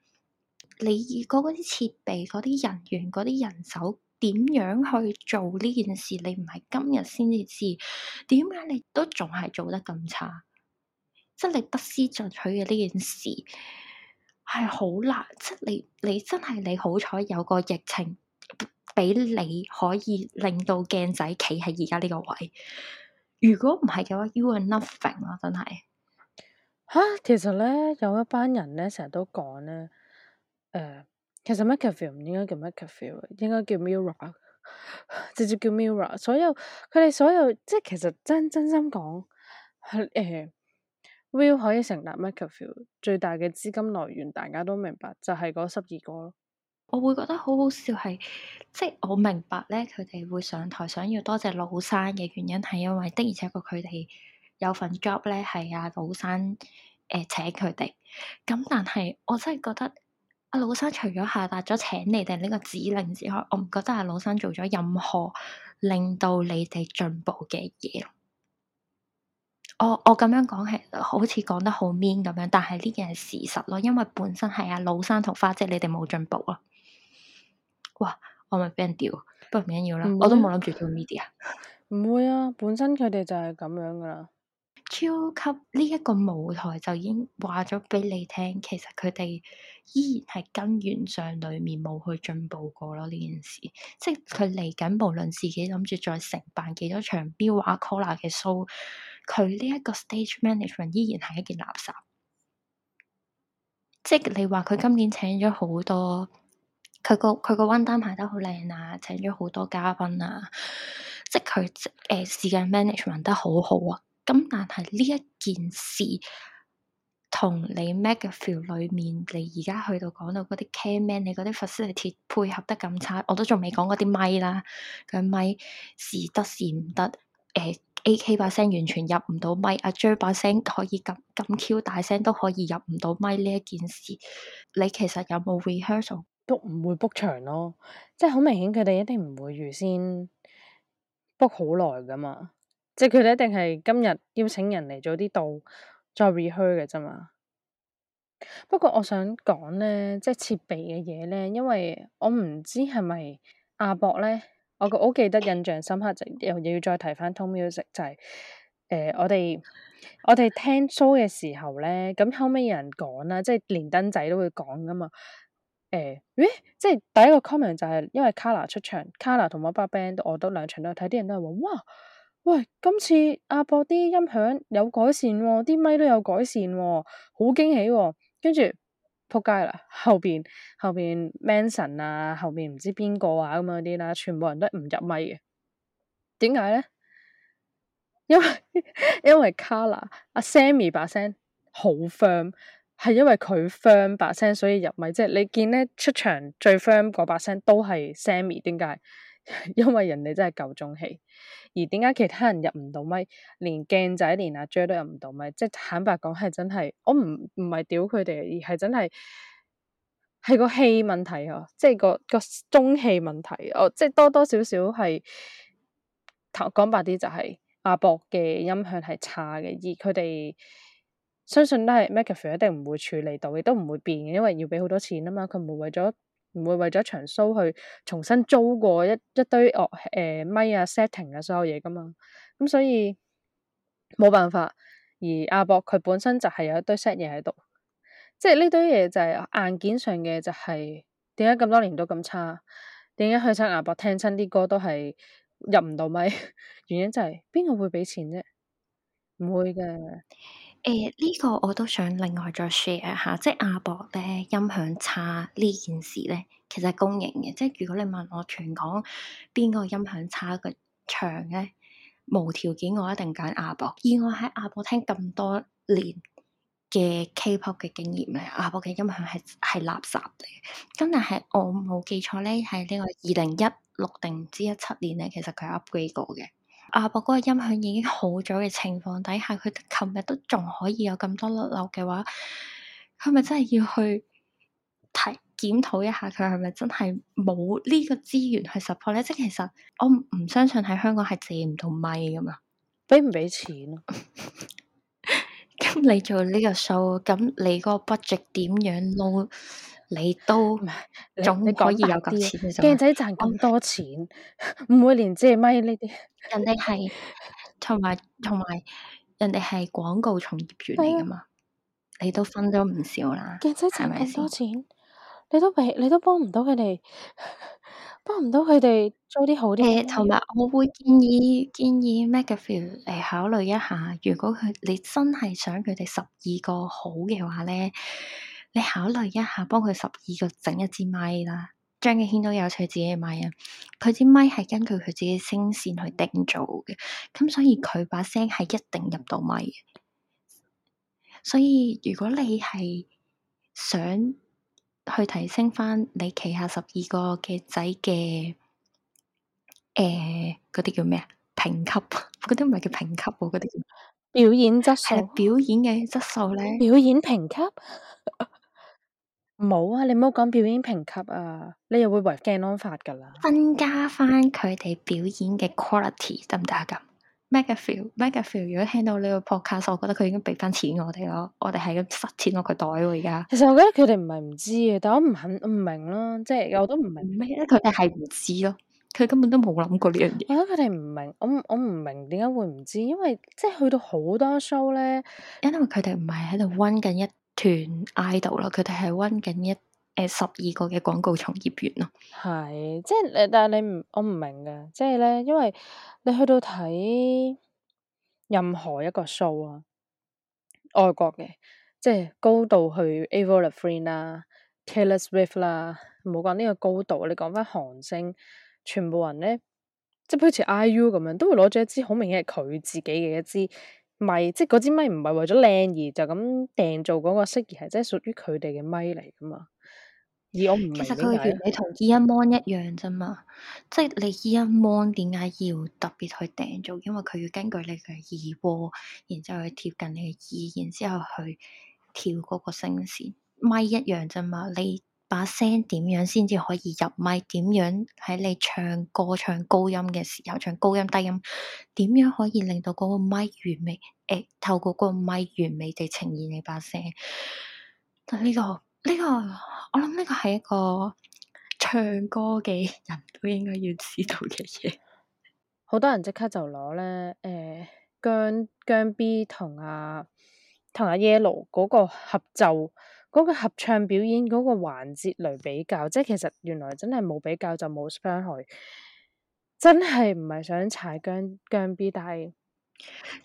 你如果嗰啲設備、嗰啲人員、嗰啲人手點樣去做呢件事？你唔係今日先至知點解，你都仲係做得咁差，即係你不思進取嘅呢件事係好難。即係你你真係你好彩有個疫情，畀你可以令到鏡仔企喺而家呢個位。如果唔係嘅話，you are nothing 咯，真係嚇。其實咧，有一班人咧，成日都講咧。Uh, 其實 MakerVille 唔應該叫 MakerVille，應該叫 MIRROR，直接 叫 MIRROR。所有佢哋所有即係其實真真心講，誒 Viu 可以成立 MakerVille 最大嘅資金來源，大家都明白就係嗰十二個咯。 我會覺得好好笑係，即係我明白咧，佢哋會上台想要多謝老山嘅原因係因為的而且確佢哋有份 job 咧係阿老山誒、呃、請佢哋咁，但係我真係覺得。阿、啊、老生除咗下達咗請你哋呢個指令之外，我唔覺得阿、啊、老生做咗任何令到你哋進步嘅嘢。我我咁樣講係好似講得好 mean 咁樣，但係呢件係事實咯，因為本身係阿、啊、老生同花姐你哋冇進步咯。哇！我咪俾人屌，不過唔緊要啦，嗯、我都冇諗住做 media。唔會啊，本身佢哋就係咁樣噶啦。超級呢一個舞台就已經話咗畀你聽，其實佢哋依然係根源上裡面冇去進步過咯。呢件事即係佢嚟緊，無論自己諗住再承辦幾多場 Bill Arcola 嘅 show，佢呢一個 stage management 依然係一件垃圾。即係你話佢今年請咗好多佢個佢個 o n 單排得好靚啊，請咗好多嘉賓啊，即係佢誒時間 management 得好好啊。咁但係呢一件事，同你 Megafield 裏面，你而家去到講到嗰啲 camera，你嗰啲 facility 配合得咁差，我都仲未講嗰啲咪啦。個咪時得時唔得？誒、呃、A. K 把聲完全入唔到咪，阿、嗯啊、J 把聲可以咁咁 Q 大聲都可以入唔到咪。呢一件事，你其實有冇 rehearsal？都唔會 book 場咯，即係好明顯佢哋一定唔會預先 book 好耐噶嘛。即係佢哋一定係今日邀請人嚟早啲到再 reheat 嘅啫嘛。不過我想講咧，即係設備嘅嘢咧，因為我唔知係咪阿博咧，我個好記得印象深刻，就又要再提翻 Tone Music 就係、是、誒、呃、我哋我哋聽 show 嘅時候咧，咁後尾有人講啦，即係連登仔都會講噶嘛。咦、呃，即係第一個 comment 就係、是、因為 Kara 出場，Kara 同埋一班 band，我都兩場都有睇，啲人都係話哇。喂，今次阿博啲音響有改善、喎，啲咪，咪都有改善、喎，好驚喜、喎。跟住撲街啦，後邊後邊 Manson 啊，後邊唔知邊個啊咁啊啲啦，全部人都唔入咪嘅。點解咧？因為 因為 Carla 阿 Sammy 把聲好 firm，係因為佢 firm 把聲所以入咪啫。即係、你見咧出場最 firm 嗰把聲都係 Sammy，點解？因為人哋真係夠中氣，而點解其他人入唔到咪？連鏡仔，連阿 Jay 都入唔到咪？即係坦白講，係真係，我唔唔係屌佢哋，而係真係係個氣問題啊，即係個個中氣問題。哦、啊，即係多多少少係，講白啲就係阿博嘅音響係差嘅，而佢哋相信都係 m a c a 一定唔會處理到，亦都唔會變，因為要畀好多錢啊嘛，佢唔會為咗。唔會為咗一場 show 去重新租過一一堆哦誒咪啊 setting 啊所有嘢㗎嘛，咁、嗯、所以冇辦法。而亞博佢本身就係有一堆 set 嘢喺度，即係呢堆嘢就係、是、硬件上嘅、就是，就係點解咁多年都咁差，點解去親亞博聽親啲歌都係入唔到咪？原因就係、是、邊個會俾錢啫？唔會嘅。誒，呢、欸這個我都想另外再 share 下，即係阿博咧，音響差呢件事咧，其實公認嘅，即係如果你問我全港邊個音響差嘅場咧，無條件我一定揀阿博，而我喺阿博聽咁多年嘅 K-pop 嘅經驗咧，阿博嘅音響係係垃圾嚟，嘅。咁但係我冇記錯咧，喺呢個二零一六定唔知一七年咧，其實佢 upgrade 過嘅。阿伯嗰個音響已經好咗嘅情況底下，佢琴日都仲可以有咁多甩漏嘅話，佢咪真係要去睇檢討一下佢係咪真係冇呢個資源去 support 咧？即係其實我唔相信喺香港係借唔到咪噶嘛？畀唔畀錢咯？咁 你做呢個 show 咁你個 budget 點樣撈？你都，仲可以有咁錢，鏡仔賺咁多錢，唔 會連借咪呢啲？人哋係，同埋同埋，人哋係廣告從業員嚟噶嘛？你都分咗唔少啦。鏡仔賺咁多錢，你都俾你都幫唔到佢哋，幫唔到佢哋租啲好啲。誒，同埋我會建議建議 Megafield 嚟考慮一下，如果佢你真係想佢哋十二個好嘅話咧。你考慮一下，幫佢十二個整一支咪啦。張敬軒都有取自己嘅咪啊，佢支咪係根據佢自己聲線去定做嘅，咁所以佢把聲係一定入到咪。所以如果你係想去提升翻你旗下十二個嘅仔嘅誒，嗰啲叫咩啊評級嗰啲唔係叫評級喎，嗰啲叫表演質素。表演嘅質素咧，表演評級。 冇啊！你唔好講表演評級啊，你又會違反《鏡安法》噶啦。分加翻佢哋表演嘅 quality 得唔得啊？咁？Mega Feel，Mega Feel，如果聽到呢個 podcast，我覺得佢應該畀翻錢我哋咯。我哋係咁塞錢落佢袋喎，而家。其實我覺得佢哋唔係唔知啊，但我唔肯唔明咯。即係我都唔明咩，佢哋係唔知咯？佢根本都冇諗過呢樣嘢。我覺得佢哋唔明，我我唔明點解會唔知，因為即係去到好多 show 咧，因為佢哋唔係喺度溫緊一。團 idol 啦，佢哋係溫緊一誒十二個嘅廣告從業員咯。係，即係你，但係你唔，我唔明嘅，即係咧，因為你去到睇任何一個 show 啊，外國嘅，即係高度去 Avril Lavigne 啦、Taylor Swift 啦，冇講呢個高度，你講翻韓星，全部人咧，即係好似 I U 咁樣，都會攞咗一支，好明顯係佢自己嘅一支。咪，即係嗰支咪唔係為咗靚而就咁訂做嗰個色，而係即係屬於佢哋嘅咪嚟噶嘛。而我唔明。其實佢原理同耳音 mon 一樣啫嘛，即係你耳音 mon 點解要特別去訂做？因為佢要根據你嘅耳窩，然之後去貼近你嘅耳，然之後去調嗰個聲線咪一樣啫嘛，你。把聲點樣先至可以入咪？點樣喺你唱歌唱高音嘅時候唱高音低音？點樣可以令到嗰個咪完美？誒、欸，透過個咪完美地呈現你把聲。但呢、這個呢、這個，我諗呢個係一個唱歌嘅人都應該要知道嘅嘢。好多人即刻就攞咧，誒、呃，姜姜 B 同阿同阿 Yellow 嗰個合奏嗰個合唱表演嗰、那個環節嚟比較，即係其實原來真係冇比較就冇傷害，真係唔係想踩姜姜 B，但係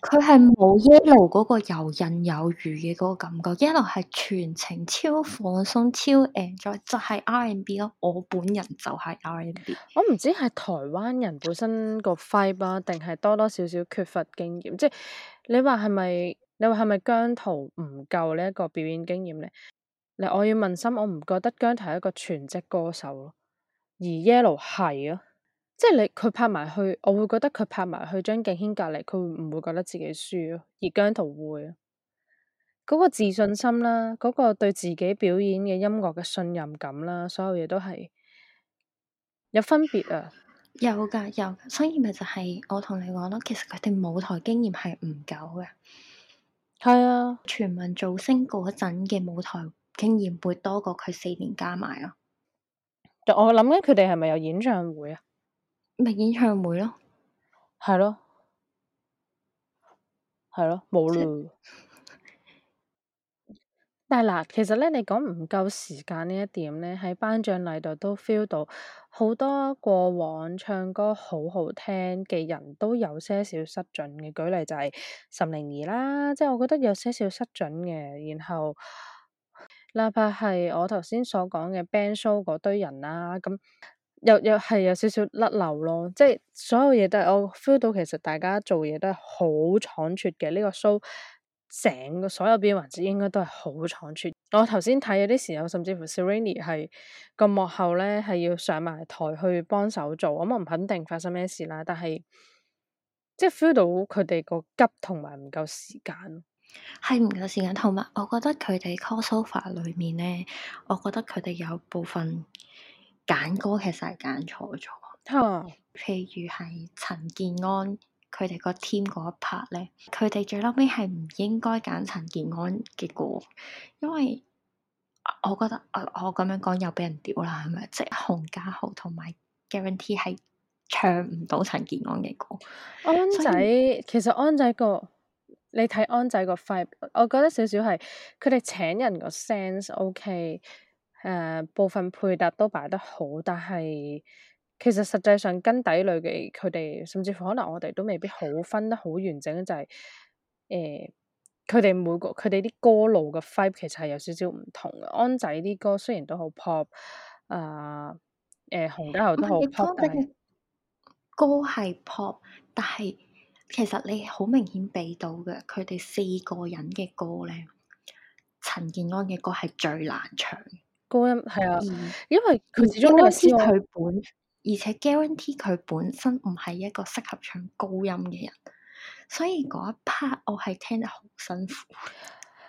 佢係冇 Yellow 嗰個游刃有餘嘅嗰個感覺 ，Yellow 係全程超放鬆超 enjoy，就係、是、R&B 咯、哦。我本人就係 R&B。B、我唔知係台灣人本身個揮吧，定係多多少少缺乏經驗。即係你話係咪？你話係咪姜濤唔夠呢一個表演經驗咧？我要問心，我唔覺得姜濤係一個全職歌手，而 yellow 係啊，即係你佢拍埋去，我會覺得佢拍埋去張敬軒隔籬，佢唔會覺得自己輸咯，而姜濤會啊，嗰、那個自信心啦，嗰、那個對自己表演嘅音樂嘅信任感啦，所有嘢都係有分別啊，有噶有，所以咪就係我同你講咯，其實佢哋舞台經驗係唔夠嘅，係啊，全民造星嗰陣嘅舞台。經驗會多過佢四年加埋咯。我諗緊，佢哋係咪有演唱會啊？咪演唱會咯，係咯，係咯，冇 啦。但係嗱，其實咧，你講唔夠時間呢一點咧，喺頒獎禮度都 feel 到好多過往唱歌好好聽嘅人都有些少失準嘅。舉例就係岑玲儀啦，即係我覺得有些少失準嘅，然後。哪怕係我頭先所講嘅 Band Show 嗰堆人啦、啊，咁又又係有少少甩漏咯，即係所有嘢都係我 feel 到其實大家做嘢都係好倉促嘅。呢、這個 show 成個所有表演環節應該都係好倉促。我頭先睇有啲時候，甚至乎 Serenity 係個幕後咧係要上埋台去幫手做，咁我唔肯定發生咩事啦。但係即係 feel 到佢哋個急同埋唔夠時間。係唔夠時間，同埋我覺得佢哋 call sofa 裏面咧，我覺得佢哋有部分揀歌其實係揀錯咗。Oh. 譬如係陳建安佢哋個 team 嗰一 part 咧，佢哋最嬲尾係唔應該揀陳建安嘅歌，因為我覺得我我咁樣講又俾人屌啦，係咪？即係洪家豪同埋 guarantee 係唱唔到陳建安嘅歌。安仔，所以，其實安仔個。你睇安仔個 vibe，我覺得少少係佢哋請人個 sense，ok，、okay，誒、呃，部分配搭都擺得好，但係其實實際上根底裏嘅佢哋甚至乎可能我哋都未必好分得好完整，就係、是、誒，佢、呃、哋每個佢哋啲歌路嘅 vibe 其實係有少少唔同嘅。安仔啲歌雖然都好 pop，啊、呃，誒、呃，洪嘉豪都好 pop，歌係 pop，但係。但其實你好明顯俾到嘅，佢哋四個人嘅歌咧，陳健安嘅歌係最難唱，高音係啊，嗯、因為佢始終都知佢本，而且 guarantee 佢本身唔係一個適合唱高音嘅人，所以嗰一 part 我係聽得好辛苦。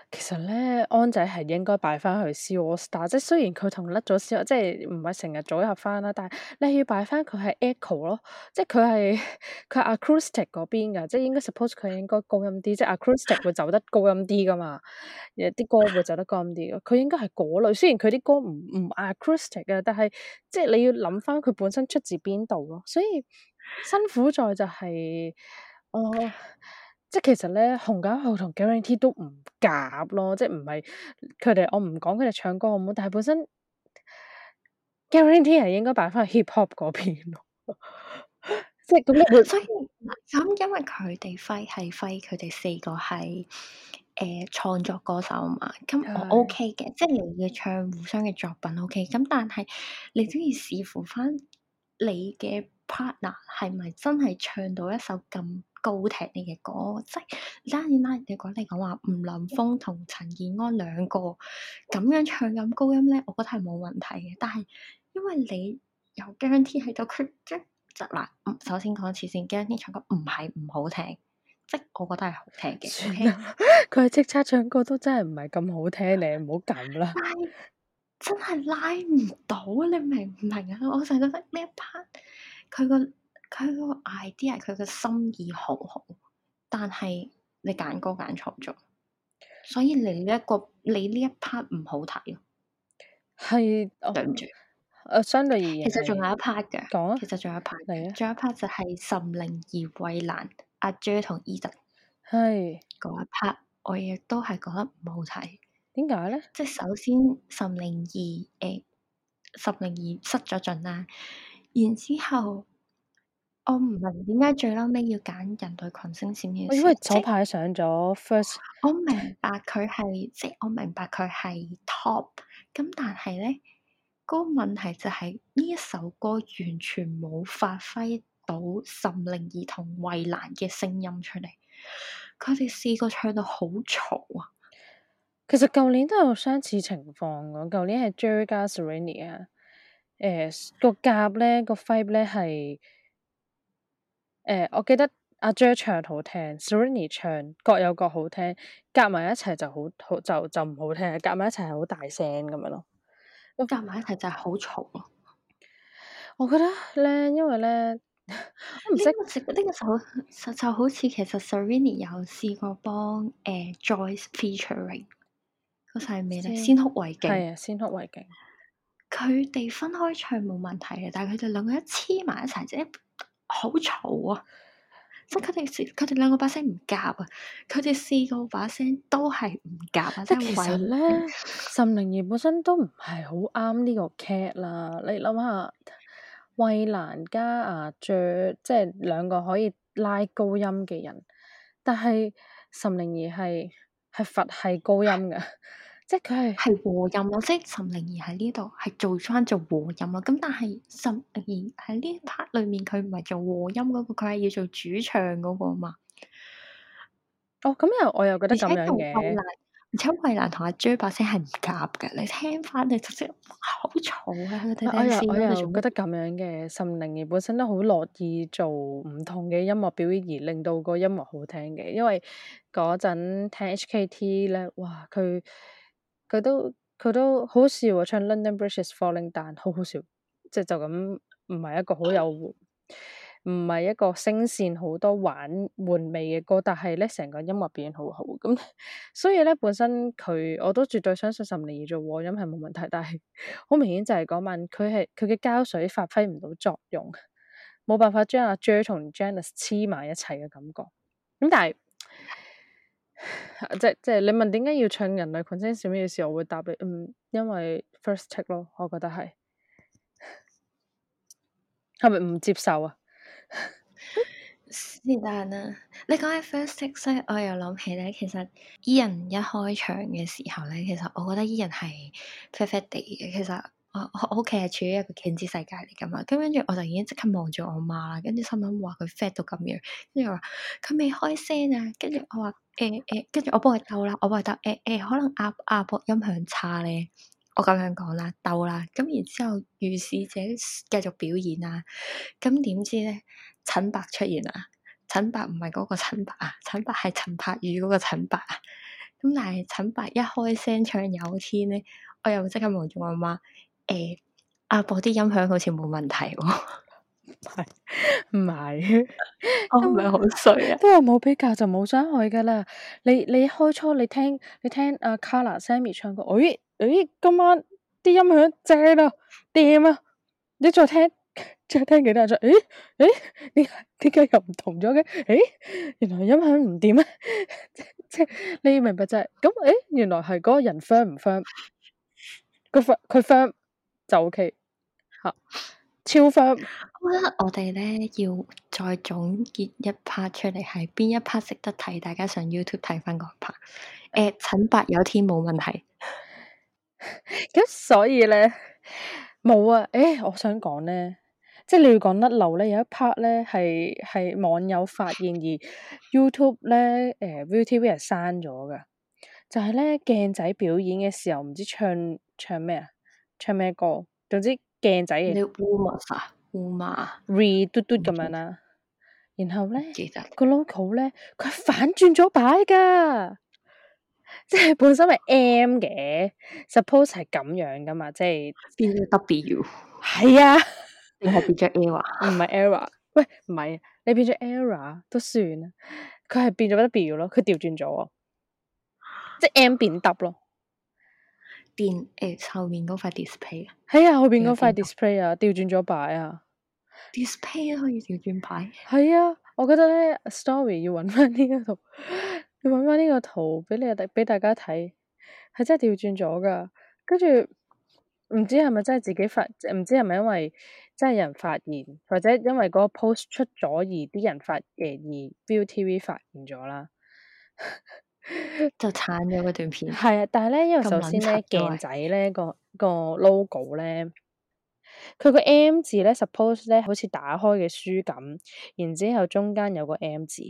其實咧，安仔係應該擺翻去 C AllStar，即係雖然佢同甩咗 C AllStar，即係唔係成日組合翻啦，但係你要擺翻佢係 Echo 咯，即係佢係佢係 acoustic 嗰邊噶，即係應該 suppose 佢應該高音啲，即係 acoustic 會走得高音啲噶嘛，啲歌會走得高音啲，佢應該係嗰類。雖然佢啲歌唔唔 acoustic 啊，但係即係你要諗翻佢本身出自邊度咯，所以辛苦在就係、是、我。哦。即係其實咧，洪家豪同 Guarantee 都唔夾咯，即係唔係佢哋我唔講佢哋唱歌好唔好，但係本身 Guarantee 係應該擺翻喺 hip hop 嗰邊 咯。即係咁，所以咁因為佢哋揮係揮，佢哋四個係誒、呃、創作歌手啊嘛。咁我 OK 嘅，嗯、即係你要唱互相嘅作品 OK、嗯。咁但係你都意視乎翻你嘅 partner 係咪真係唱到一首咁？好踢你嘅歌，即係拉你。拉你講你講話吳林峰同陳建安兩個咁樣唱咁高音咧，我覺得係冇問題嘅。但係因為你有姜天喺度，佢即就嗱，首先講一次先，姜天唱歌唔係唔好聽，即我覺得都係好聽嘅。佢係即差唱歌都真係唔係咁好聽，你唔好撳啦。真係拉唔到，你明唔明啊？我成日覺得呢一 part 佢個。佢個 idea，佢嘅心意好好，但係你揀歌揀錯咗，所以你呢、這、一個你呢一 part 唔好睇咯。係是對唔住、哦，相對而言，其實仲有一 part 嘅講其實仲有一 part 嚟啊，仲的有一 part 就係岑零二岑寧兒、衛蘭阿 J 同、er、Edan 係嗰一 part，我亦都係覺得唔好睇。點解咧？即係首先岑寧兒誒岑寧兒失咗陣啦，然之後。我唔明點解最嬲尾要揀人類群星閃閃。我因為早排上咗、即係、first。我明白佢係即係我明白佢係 top 咁，但係咧個問題就係呢一首歌完全冇發揮到岑寧兒同衛蘭嘅聲音出嚟。佢哋試過唱到好嘈啊！其實舊年都有相似情況啊！舊年係、呃《Jer 加 Serrini 啊，誒個夾咧個 five 咧係。誒、欸，我記得阿 Joe、er、唱好聽，Serrini 唱各有各好聽，夾埋一齊就好好就就唔好聽，夾埋一齊係好大聲咁樣咯。夾埋一齊就係好嘈。我覺得咧，因為咧，我唔識呢個呢、這個首，就好似其實 Serrini 有試過幫誒、呃、Joyce featuring 嗰首係咪先哭正為敬。係啊，先哭為敬。佢哋分開唱冇問題嘅，但係佢哋兩個一黐埋一齊即好嘈啊！即佢哋試佢哋兩個把聲唔夾啊，佢哋四個把聲都係唔夾啊！即其實咧，嗯、岑寧兒本身都唔係好啱呢個劇啦。你諗下，衛蘭加阿卓即係兩個可以拉高音嘅人，但係岑寧兒係係佛系高音噶。 即係佢係和音啊，即係岑寧兒喺呢度係做翻做和音啊。咁但係岑寧兒喺呢一 part 裏面佢唔係做和音嗰個，佢係要做主唱嗰個嘛。哦，咁又我又覺得咁樣嘅。而且慧蘭同阿 J 把聲係唔夾噶，你聽翻你就知好嘈啊。我我又覺得咁樣嘅。岑寧兒本身都好樂意做唔同嘅音樂表演，而令到個音樂好聽嘅。因為嗰陣聽 HKT 咧，哇，佢。佢都佢都好笑喎、哦，唱 London Bridge is Falling Down，但好好笑，即係就咁，唔係一個好有，唔係一個聲線好多玩玩味嘅歌，但係咧成個音樂表現好好咁，所以咧本身佢我都絕對相信十年二做和音係冇問題，但係好明顯就係嗰晚佢係佢嘅膠水發揮唔到作用，冇辦法將阿 Jer 同 Janice 黐埋一齊嘅感覺，咁但係。即即係你問點解要唱人類群星閃耀時，我會答你，嗯，因為 first take 咯，我覺得係係咪唔接受啊？是 但啊，你講起 first take，所以我又諗起咧，其實 Ian 一開場嘅時候咧，其實我覺得 Ian 係 fit fit 地嘅，其實。我屋企係處於一個景緻世界嚟噶嘛，咁跟住我就已經即刻望住我媽啦，跟住心諗話佢肥到咁樣，跟住我話佢未開聲啊，跟住我話誒誒，跟、欸、住、欸、我幫佢鬥啦，我幫佢鬥誒誒，可能阿阿婆音響差咧，我咁樣講啦，鬥啦，咁然之後如是者繼續表演啊，咁點知咧陳伯出現啦，陳伯唔係嗰個陳伯啊，陳伯係陳柏宇嗰個陳伯啊，咁但係陳伯一開聲唱有天咧，我又即刻望住我媽。誒、欸，阿博啲音響好似冇問題喎， 唔係？ 我唔係好衰啊，都係冇比較就冇傷害噶啦。你你開初你聽你聽阿 Carla Sammy 唱歌，誒誒，今晚啲音響正啊掂啊，你再聽再聽幾多下，誒誒，點點解又唔同咗嘅？誒，原來音響唔掂啊！即 即你要明白就係咁，誒，原來係嗰個人 fan 唔 fan，個 fan 佢 fan。就 OK、啊、好超 fun。我哋咧要再總結一 part 出嚟，係邊一 part 識得睇？大家上 YouTube 睇翻嗰 part。誒、啊，陳伯有天冇問題。咁 所以咧，冇啊！誒，我想講咧，即係你要講甩漏咧，有一 part 咧係係網友發現而 YouTube 咧誒、呃、ViuTV 係刪咗噶，就係、是、咧鏡仔表演嘅時候，唔知唱唱咩啊？唱咩歌？總之鏡仔嘅。你 uma 啊，uma。re 嘟嘟咁樣啦，然後呢，其實個 logo 呢，佢係反轉咗擺噶，即係本身係 M 嘅，suppose 係咁樣噶嘛，即係變咗 W。係啊，你係變咗 era 唔係 era 喂，唔係，你變咗 era 都算啦，佢係變咗 W 咯，佢調轉咗，即係 M 變 double 咯。電誒、呃，後面嗰塊 display 啊？喺啊，後面嗰塊 display 啊，調轉咗擺啊！display 啊，可以調轉擺？係 啊，我覺得咧，story 要搵翻呢個圖， 要搵翻呢個圖俾你哋俾大家睇，係真係調轉咗噶。跟住唔知係咪真係自己發，唔知係咪因為真係人發現，或者因為嗰個 post 出咗而啲人發現而 ViuTV 發現咗啦。 就慘咗嗰段片，係 啊！但係咧，因為首先咧鏡 仔咧個個 logo 咧，佢個 M 字咧，suppose 咧，好似打開嘅書咁，然之後中間有個 M 字，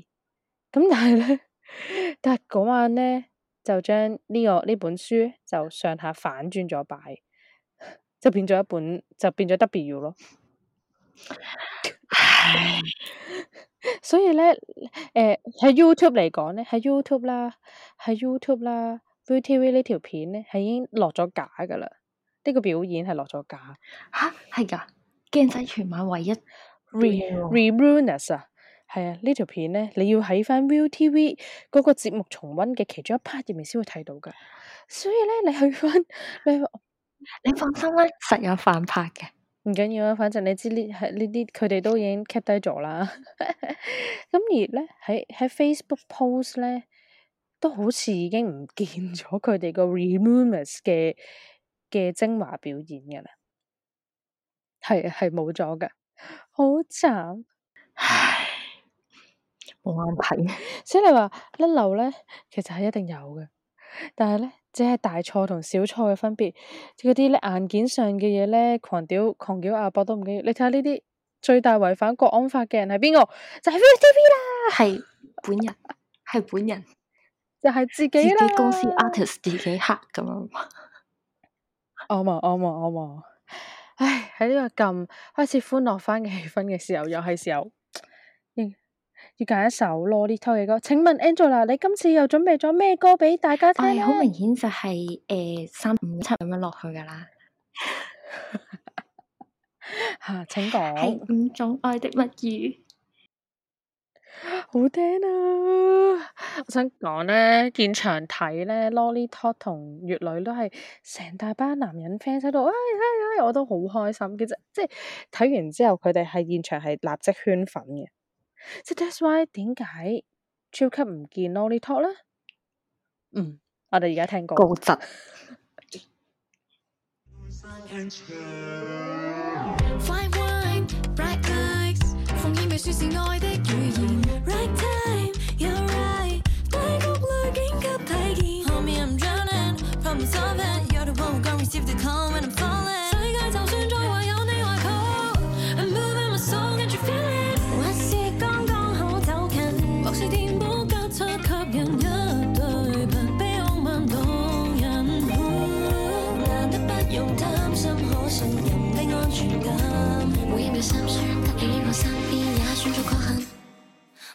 咁但係咧，但係嗰晚咧就將呢個呢本書就上下反轉咗擺，就變咗一本就變咗 W 咯。唉，所以咧，誒喺 YouTube 嚟講咧，喺 YouTube 啦，喺 YouTube 啦，Viu TV 呢條片咧係已經落咗架噶啦，呢個表演係落咗架。吓，係噶，鏡仔全晚唯一 real realness 啊，係啊，呢條片咧你要喺翻 Viu TV 嗰個節目重溫嘅其中一 part 入面先會睇到噶。所以咧，你去翻你，你放心啦，實有飯拍嘅。唔緊要啊，反正你知呢，啲佢哋都已經 keep 低咗啦。咁 而呢，喺 Facebook post 呢，都好似已經唔見咗佢哋個 removers 嘅嘅精華表演噶啦，係係冇咗噶，好慘，慘唉，冇眼睇。所以你話甩漏呢，其實係一定有嘅，但係呢。即係大錯同小錯嘅分別，嗰啲咧硬件上嘅嘢咧，狂屌狂屌阿伯都唔驚。你睇下呢啲最大違反國安法嘅人係邊個？就係、是、ViuTV 啦，係本人，係 本人，就係自己自己公司 artist 自己 hack 咁啊嘛，啱啊啱啊啱啊！唉，喺呢個咁開始歡樂翻嘅氣氛嘅時候，又係時候。要揀一首《Lolly Talk》嘅歌，請問 Angela 你今次又準備咗咩歌畀大家聽、啊？好明顯就係、是、誒、呃、三五七咁樣落去噶啦。吓 說，請講。五種愛的蜜語，好聽啊！我想講咧，現場睇咧，《Lolly Talk》同粵女都係成大班男人 fans 喺度，唉唉唉，我都好開心。其實即係睇完之後，佢哋係現場係立即圈粉嘅。So that's why，點解超級唔見 Lollipop 咧？嗯，我哋而家聽過。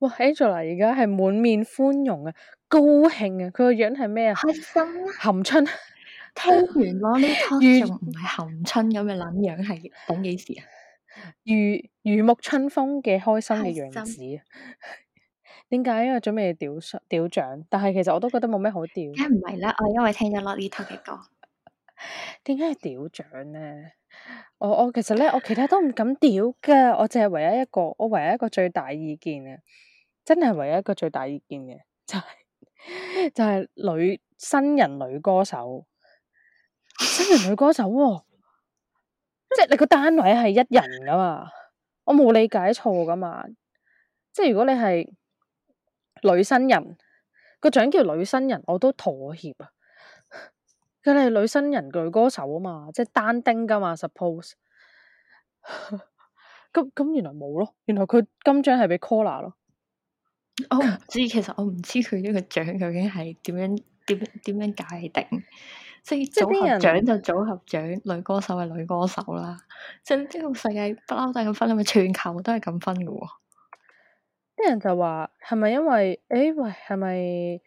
哇，Angela 而家係滿面歡容啊，高興啊，佢個樣係咩啊？開心啊。含春。聽完咯，呢 part 就唔係含春咁嘅諗樣，係懂幾時啊？如如沐春風嘅開心嘅樣子。點解 啊？因為準備屌屌獎，但係其實我都覺得冇咩好屌。梗唔係啦，我因為聽咗 Lolly Talk 嘅歌。點解係屌獎呢？我我其實咧，我其他都唔敢屌噶，我淨係唯一一個，我唯一一個最大意見嘅，真係唯一一個最大意見嘅，就係就係女新人女歌手，新人女歌手啊，即係你個單位係一人噶嘛，我冇理解錯噶嘛，即係如果你係女新人個獎叫女新人，我都妥協啊。佢你係女新人女歌手啊嘛，即係單丁噶嘛，suppose 咁咁 原來冇咯，原來佢金獎係畀 COLLAR 咯。我唔、哦、知，其實我唔知佢呢個獎究竟係點樣點點樣，樣界定，即係組合獎就組合獎，女歌手係女歌手啦。即係呢個世界不嬲都係咁分，咪全球都係咁分噶喎。啲人就話係咪因為？誒、欸、喂，係咪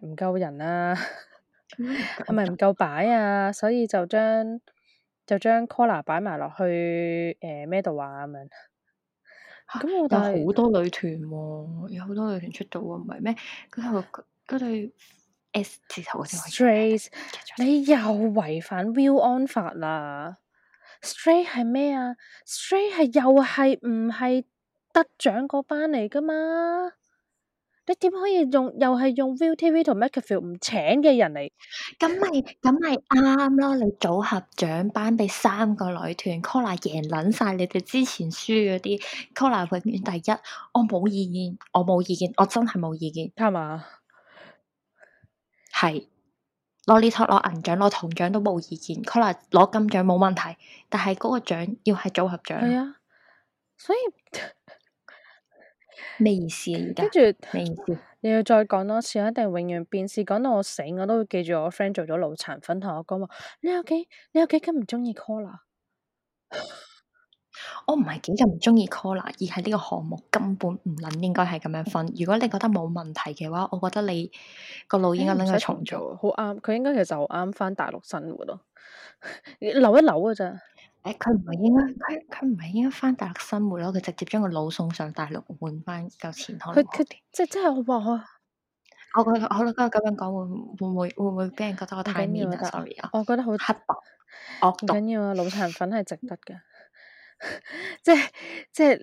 誒唔夠人啊？ 係咪唔夠擺啊？所以就將就將 Collar 擺埋落去誒咩度啊咁樣？咁、啊、我哋好多女團喎、啊，有好多女團出道啊，唔係咩？佢頭佢哋 S 字頭嗰啲。Stray 你又違反 Will on 法啦。Stray 係咩啊？Stray 係又係唔係得獎嗰班嚟噶嘛？你點可以用？又係用 Viu TV 同 MakerVille 唔請嘅人嚟，咁咪咁咪啱咯？你組合獎頒俾三個女團，Collar 贏捻晒，你哋之前輸嗰啲 Collar 永遠第一，我冇意見，我冇意見，我真係冇意見，係嘛吧？係攞呢套攞銀獎，攞銅獎都冇意見 Collar 攞金獎冇問題，但係嗰個獎要係組合獎，係啊，所以。 咩意思啊？而家跟住咩意思？你要再講多次，一定永遠變事。講到我死，我都會記住我 friend 做咗腦殘粉，同我講話：你屋企，你屋企，咁唔鍾意 cola？我唔係幾咁唔鍾意 cola，而係呢個項目根本唔撚應該係咁樣分。嗯、如果你覺得冇問題嘅話，我覺得你個腦應該撚過重做。好啱，佢應該其實就啱翻大陸生活咯。 留一留噶咋？佢唔係應該，佢佢唔係應該翻大陸生活咯，佢直接將個腦送上大陸換翻夠錢可能。佢佢即即係我話我，我覺好啦，咁樣講會會唔會會唔會俾人覺得我太現實啊？Sorry, 我覺得好黑。薄，惡道。唔緊要啊，腦殘粉係值得噶， 即即係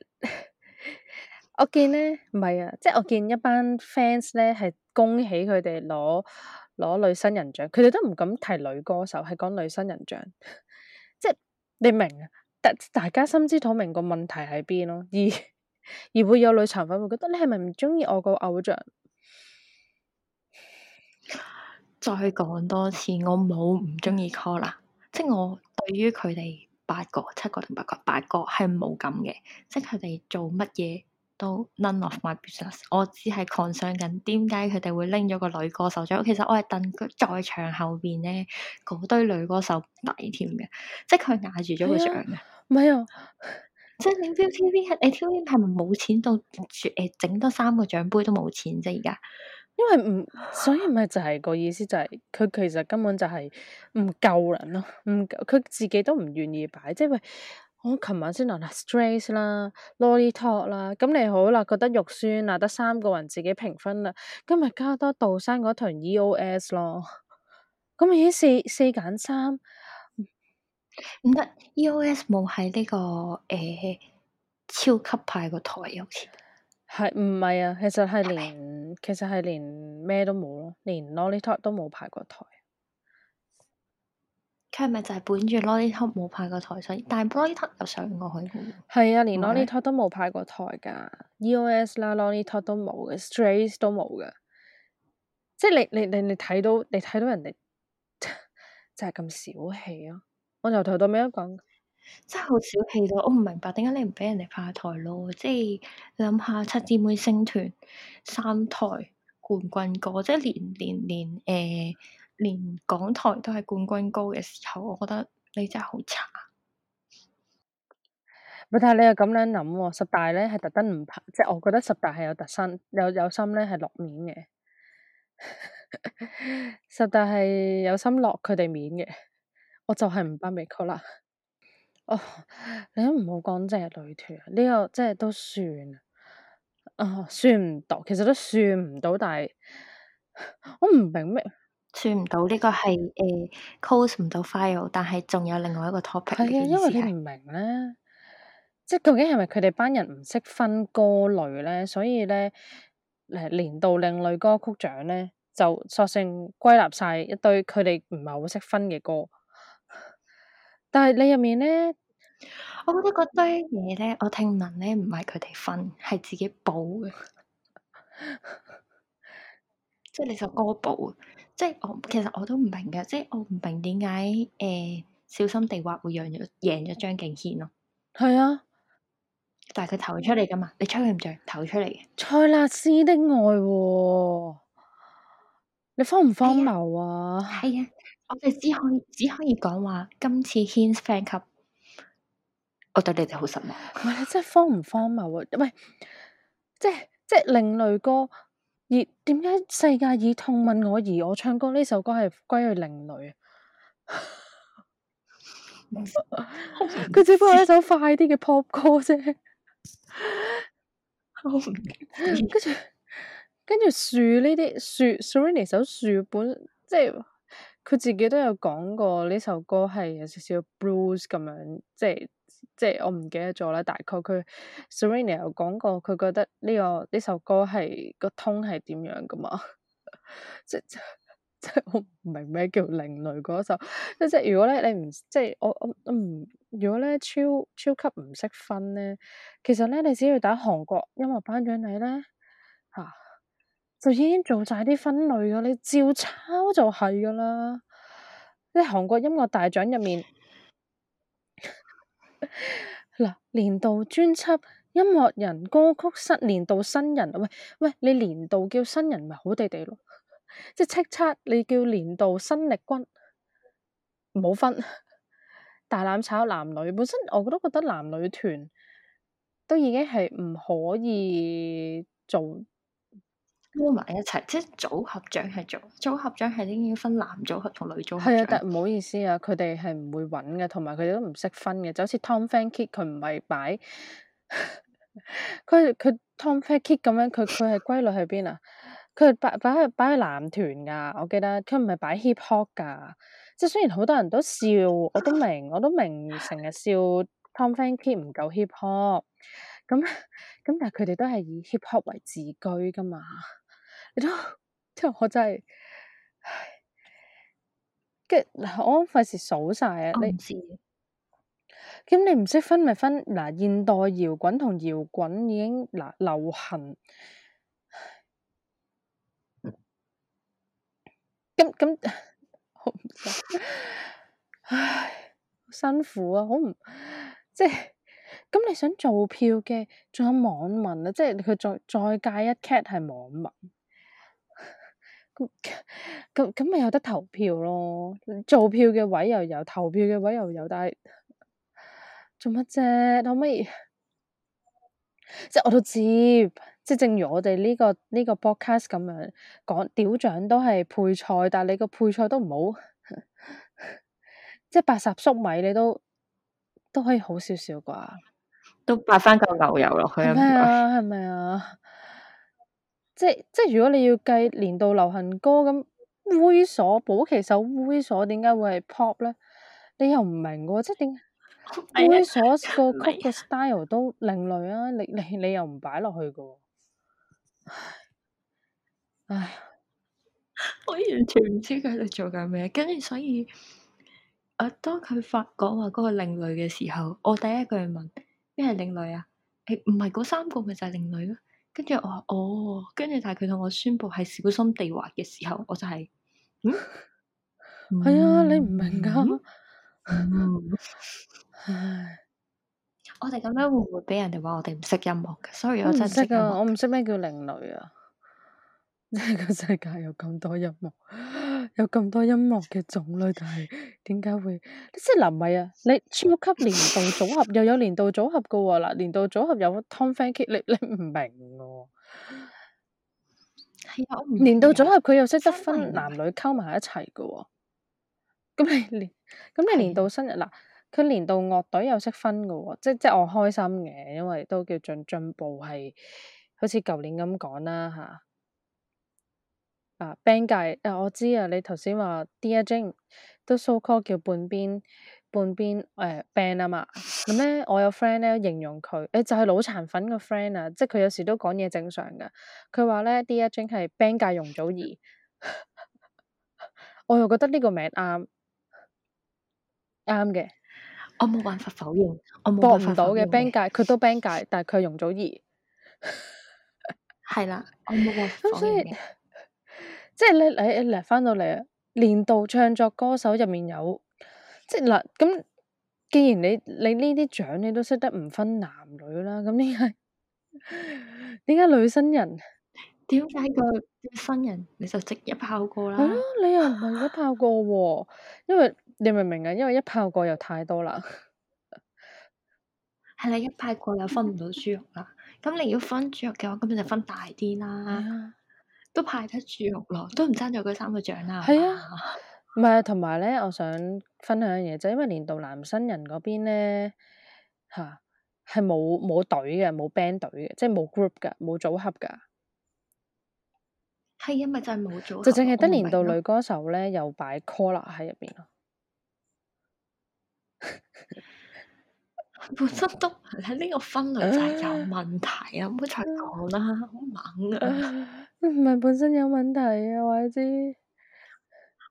我見呢，唔係啊，即係我見一班 fans 咧係恭喜佢哋攞攞女新人獎，佢哋都唔敢提女歌手，係講女新人獎。你明啊？大家心知肚明個問題喺邊咯，而而會有女殘粉會覺得你係咪唔鍾意我個偶像？再講多次，我冇唔鍾意 Call 啦，即係我對於佢哋八個、七個定八個八個係冇咁嘅，即係佢哋做乜嘢？都 none of my business，我只係 concern 緊點解佢哋會拎咗個女歌手獎？其實我係等在場後邊咧，嗰堆女歌手抵添嘅，即係佢咬住咗個獎嘅。唔係啊，即係、啊、你 TVB 你 TVB 係咪冇錢到？誒、欸，整多三個獎杯都冇錢啫，而家。因為唔，所以咪就係、是、個 意思就係、是，佢其實根本就係唔夠人咯，唔佢自己都唔願意擺，即係喂。我琴、哦、晚先講啦，Stress 啦，lolly talk 啦，咁、嗯、你好啦，覺得肉酸啦，得三個人自己評分啦，今日加多杜山嗰團 EOS 咯，咁已經四四揀三，唔得 EOS 冇喺呢個誒、呃、超級派個台，好似係唔係啊？其實係連嗎其實係連咩都冇咯，連 lolly talk 都冇派過台。佢係咪就係本住 Lolly Talk 冇派過台，所以但係 Lolly Talk 又上過去嘅。係 啊，連 Lolly Talk 都冇派過台噶，E O S 啦 Lolly Talk 都冇嘅，Strays 都冇嘅。即係你你你你睇到，你睇到人哋 就係咁小氣咯、啊。我由頭到尾都講，真係好小氣咯、啊。我唔明白點解你唔畀人哋派台咯？即係諗下七姊妹星團三台冠軍歌，即係連連連誒。連連呃連港台都係冠軍高嘅時候，我覺得你真係好差。咪但係你又咁樣諗喎，十大咧係特登唔拍，即係我覺得十大係有特身，有有心咧係落面嘅。 十大係有心落佢哋面嘅， 我就係唔頒美曲啦、 哦這個。哦，你都唔好講即係女團呢個，即係都算啊，算唔到，其實都算唔到，但係我唔明咩。算唔到呢，這個係誒，close 唔到 file，但係仲有另外一個 topic 的。係啊，因為你唔明咧，即係究竟係咪佢哋班人唔識分歌類咧，所以咧誒年度另類歌曲獎咧就索性歸納晒一堆佢哋唔係好識分嘅歌。但係你入面咧，我覺得嗰堆嘢咧，我聽聞咧唔係佢哋分，係自己補嘅， 即係你首歌補。即係我其實我都唔明嘅，即係我唔明點解，誒小心地滑會讓咗贏咗張敬軒咯。係啊，但係佢投出嚟㗎嘛？你吹佢唔着，投出嚟。蔡納斯的愛喎，你荒唔荒謬啊？係啊，啊，我哋只可以只可以講話今次軒 fans 級，我對你哋好失望。唔係，你真係荒唔荒謬啊？唔係，即係即係另類歌。而點解世界以痛吻我，而我唱歌呢首歌係歸去另類？佢 只不過係一首快啲嘅 pop 歌啫。 跟住，跟住樹呢啲樹，Serenity 首樹本，即係佢自己都有講過呢首歌係有少少 blues 咁樣，即係。即係我唔記得咗啦，大概佢 s i r i n a 有講過，佢覺得呢、這個呢首歌係個通係點樣噶嘛？ 即即即我唔明咩叫另類嗰首，即即如果咧你唔即我我唔如果咧超超級唔識分咧，其實咧，你只要打韓國音樂頒獎禮咧吓，就已經做晒啲分類噶，你照抄就係噶啦。即韓國音樂大獎入面。嗱， 年度專輯、音樂人、歌曲新年度新人，喂喂，你年度叫新人咪好地地咯？即係叱咤，你叫年度新力軍，冇分 大攬炒男女，本身我都覺得男女團都已經係唔可以做。攞埋一齊，即係組合獎係做組合獎係，應該分男組合同女組合。係啊，但唔好意思啊，佢哋係唔會揾嘅，同埋佢哋都唔識分嘅，就好似 Tom Fan Kit， 佢唔係擺佢佢 Tom Fan Kit 咁樣，佢佢係歸類喺邊啊？佢係擺擺喺擺喺男團噶，我記得佢唔係擺 hip hop 噶，即係雖然好多人都笑，我都明，我都明成日笑，笑 Tom Fan Kit 唔夠 hip hop 咁咁，但係佢哋都係以 hip hop 為自居噶嘛。都即係我真係，跟住，我啱費事數晒啊！你咁你唔識分咪分嗱，現代搖滾同搖滾已經流行，咁咁，好唔 唉，辛苦啊，好唔即係，咁你想做票嘅，仲有網民啊，即係佢再再介一 cat 係網民。咁咁咪有得投票咯，做票嘅位又有，投票嘅位又有，但係做乜啫？可唔可以？即係我都知，即係正如我哋呢、這個呢、這個 podcast 咁樣講，屌獎都係配菜，但係你個配菜都唔好， 即係白汁粟米，你都都可以好少少啩，都擺返嚿牛油落去啊？係咪啊？ 即係即係如果你要計年度流行歌咁，猥瑣保其首猥瑣點解會係 pop 咧？你又唔明嘅，即係點猥瑣個、哎哎、曲個 style 都另類啊！你你你又唔擺落去嘅，唉，我完全唔知佢喺度做緊咩，跟住所以，啊當佢發講話嗰個另類嘅時候，我第一句係問邊係另類啊誒唔係嗰三個咪就係另類咯？跟住我話，哦，跟住但係佢同我宣布係小心地滑嘅時候，我就係、是，係、嗯嗯哎、啊，你唔明噶，唉，我哋咁樣會唔會畀人哋話我哋唔識音樂嘅？所以我唔識啊，我唔識咩叫另類啊，呢、這個世界有咁多音樂。 有咁多音樂嘅種類，但係點解會？即係林咪啊，你超級年度組合 又有年度組合噶喎，嗱，年度組合有 Tom Fan Kit，你你唔明噶喎？係啊，哎、我唔年度組合佢又識得分男女溝埋一齊噶喎。咁、哎、你年咁你年度生日嗱，佢的、啊、年度樂隊又識分噶喎、啊，即即我開心嘅，因為都叫進進步係，好似舊年咁講啦吓。啊啊 band 界誒，我知啊，你頭先話 Dear Jane 都 so call 叫半邊半邊誒 band 啊嘛，咁咧我有 friend 咧形容佢誒就係腦殘粉個 friend 啊，即係佢有時都講嘢正常噶，佢話咧 Dear Jane 係 band 界容祖兒，我又覺得呢個名啱啱嘅，我冇辦法否認，我駁唔到嘅 band 界佢都 band 界，但係佢係容祖兒，係啦，我冇辦法否認。即係咧，嚟嚟翻到嚟啊！年度唱作歌手入面有，即係嗱咁。既然你你呢啲獎你都識得唔分男女啦，咁點解點解女新人？點解個分人、啊、你就直一炮過啦？係咯、啊，你又唔係一炮過喎、啊。 因為你明唔明啊？因為一炮過又太多啦。係啦，一炮過又分唔到豬肉啦。咁 你要分豬肉嘅話，咁你就分大啲啦。 都派得住咯，都唔爭到嗰三個獎啦。係啊，唔係啊，同埋咧，我想分享嘢就係因為年度男新人嗰邊咧，吓，係冇冇隊嘅，冇 band 隊嘅，即係冇 group 嘅，冇組合噶。係因為咪就係冇組合。就淨係得年度女歌手咧，又擺 Collar 喺入邊咯。 本身都喺呢個分類就係有問題啊！唔好再講啦，啊、好猛啊！唔係、啊、本身有問題啊，或者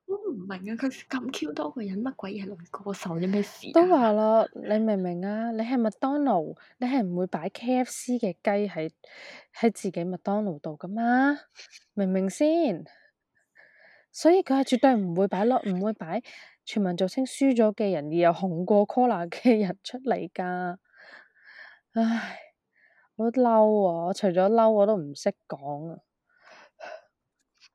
我唔明啊，佢咁 Q 多個人乜鬼嘢嚟歌手有咩事，啊？都話咯，你明唔明啊？你係麥當勞，你係唔會擺 K F C 嘅雞喺喺自己麥當勞度噶嘛？明唔明先？所以佢係絕對唔會擺咯，唔 會擺。全民造星輸咗嘅人，而又紅過 Cora 嘅人出嚟噶，唉，我都嬲啊！我除咗嬲，我都唔識講啊。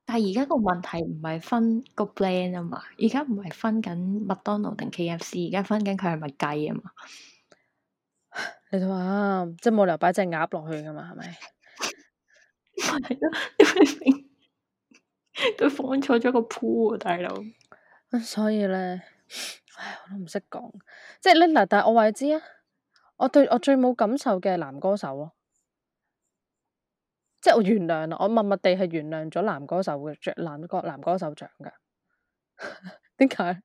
但係而家個問題唔係分個 plan 啊嘛，FC，是是而家唔係分緊麥當勞定 K F C，而家分緊佢係咪雞啊嘛？ 你話即係冇理由擺隻鴨落去噶嘛？係咪？ 啊、你明 都放錯咗個鋪、啊，大佬。所以咧，唉，我都唔識講，即係咧嗱，但係我話你知啊，我對我最冇感受嘅男歌手咯，即係我原諒，我默默地係原諒咗男歌手嘅着男歌男歌手獎噶，點 解麼？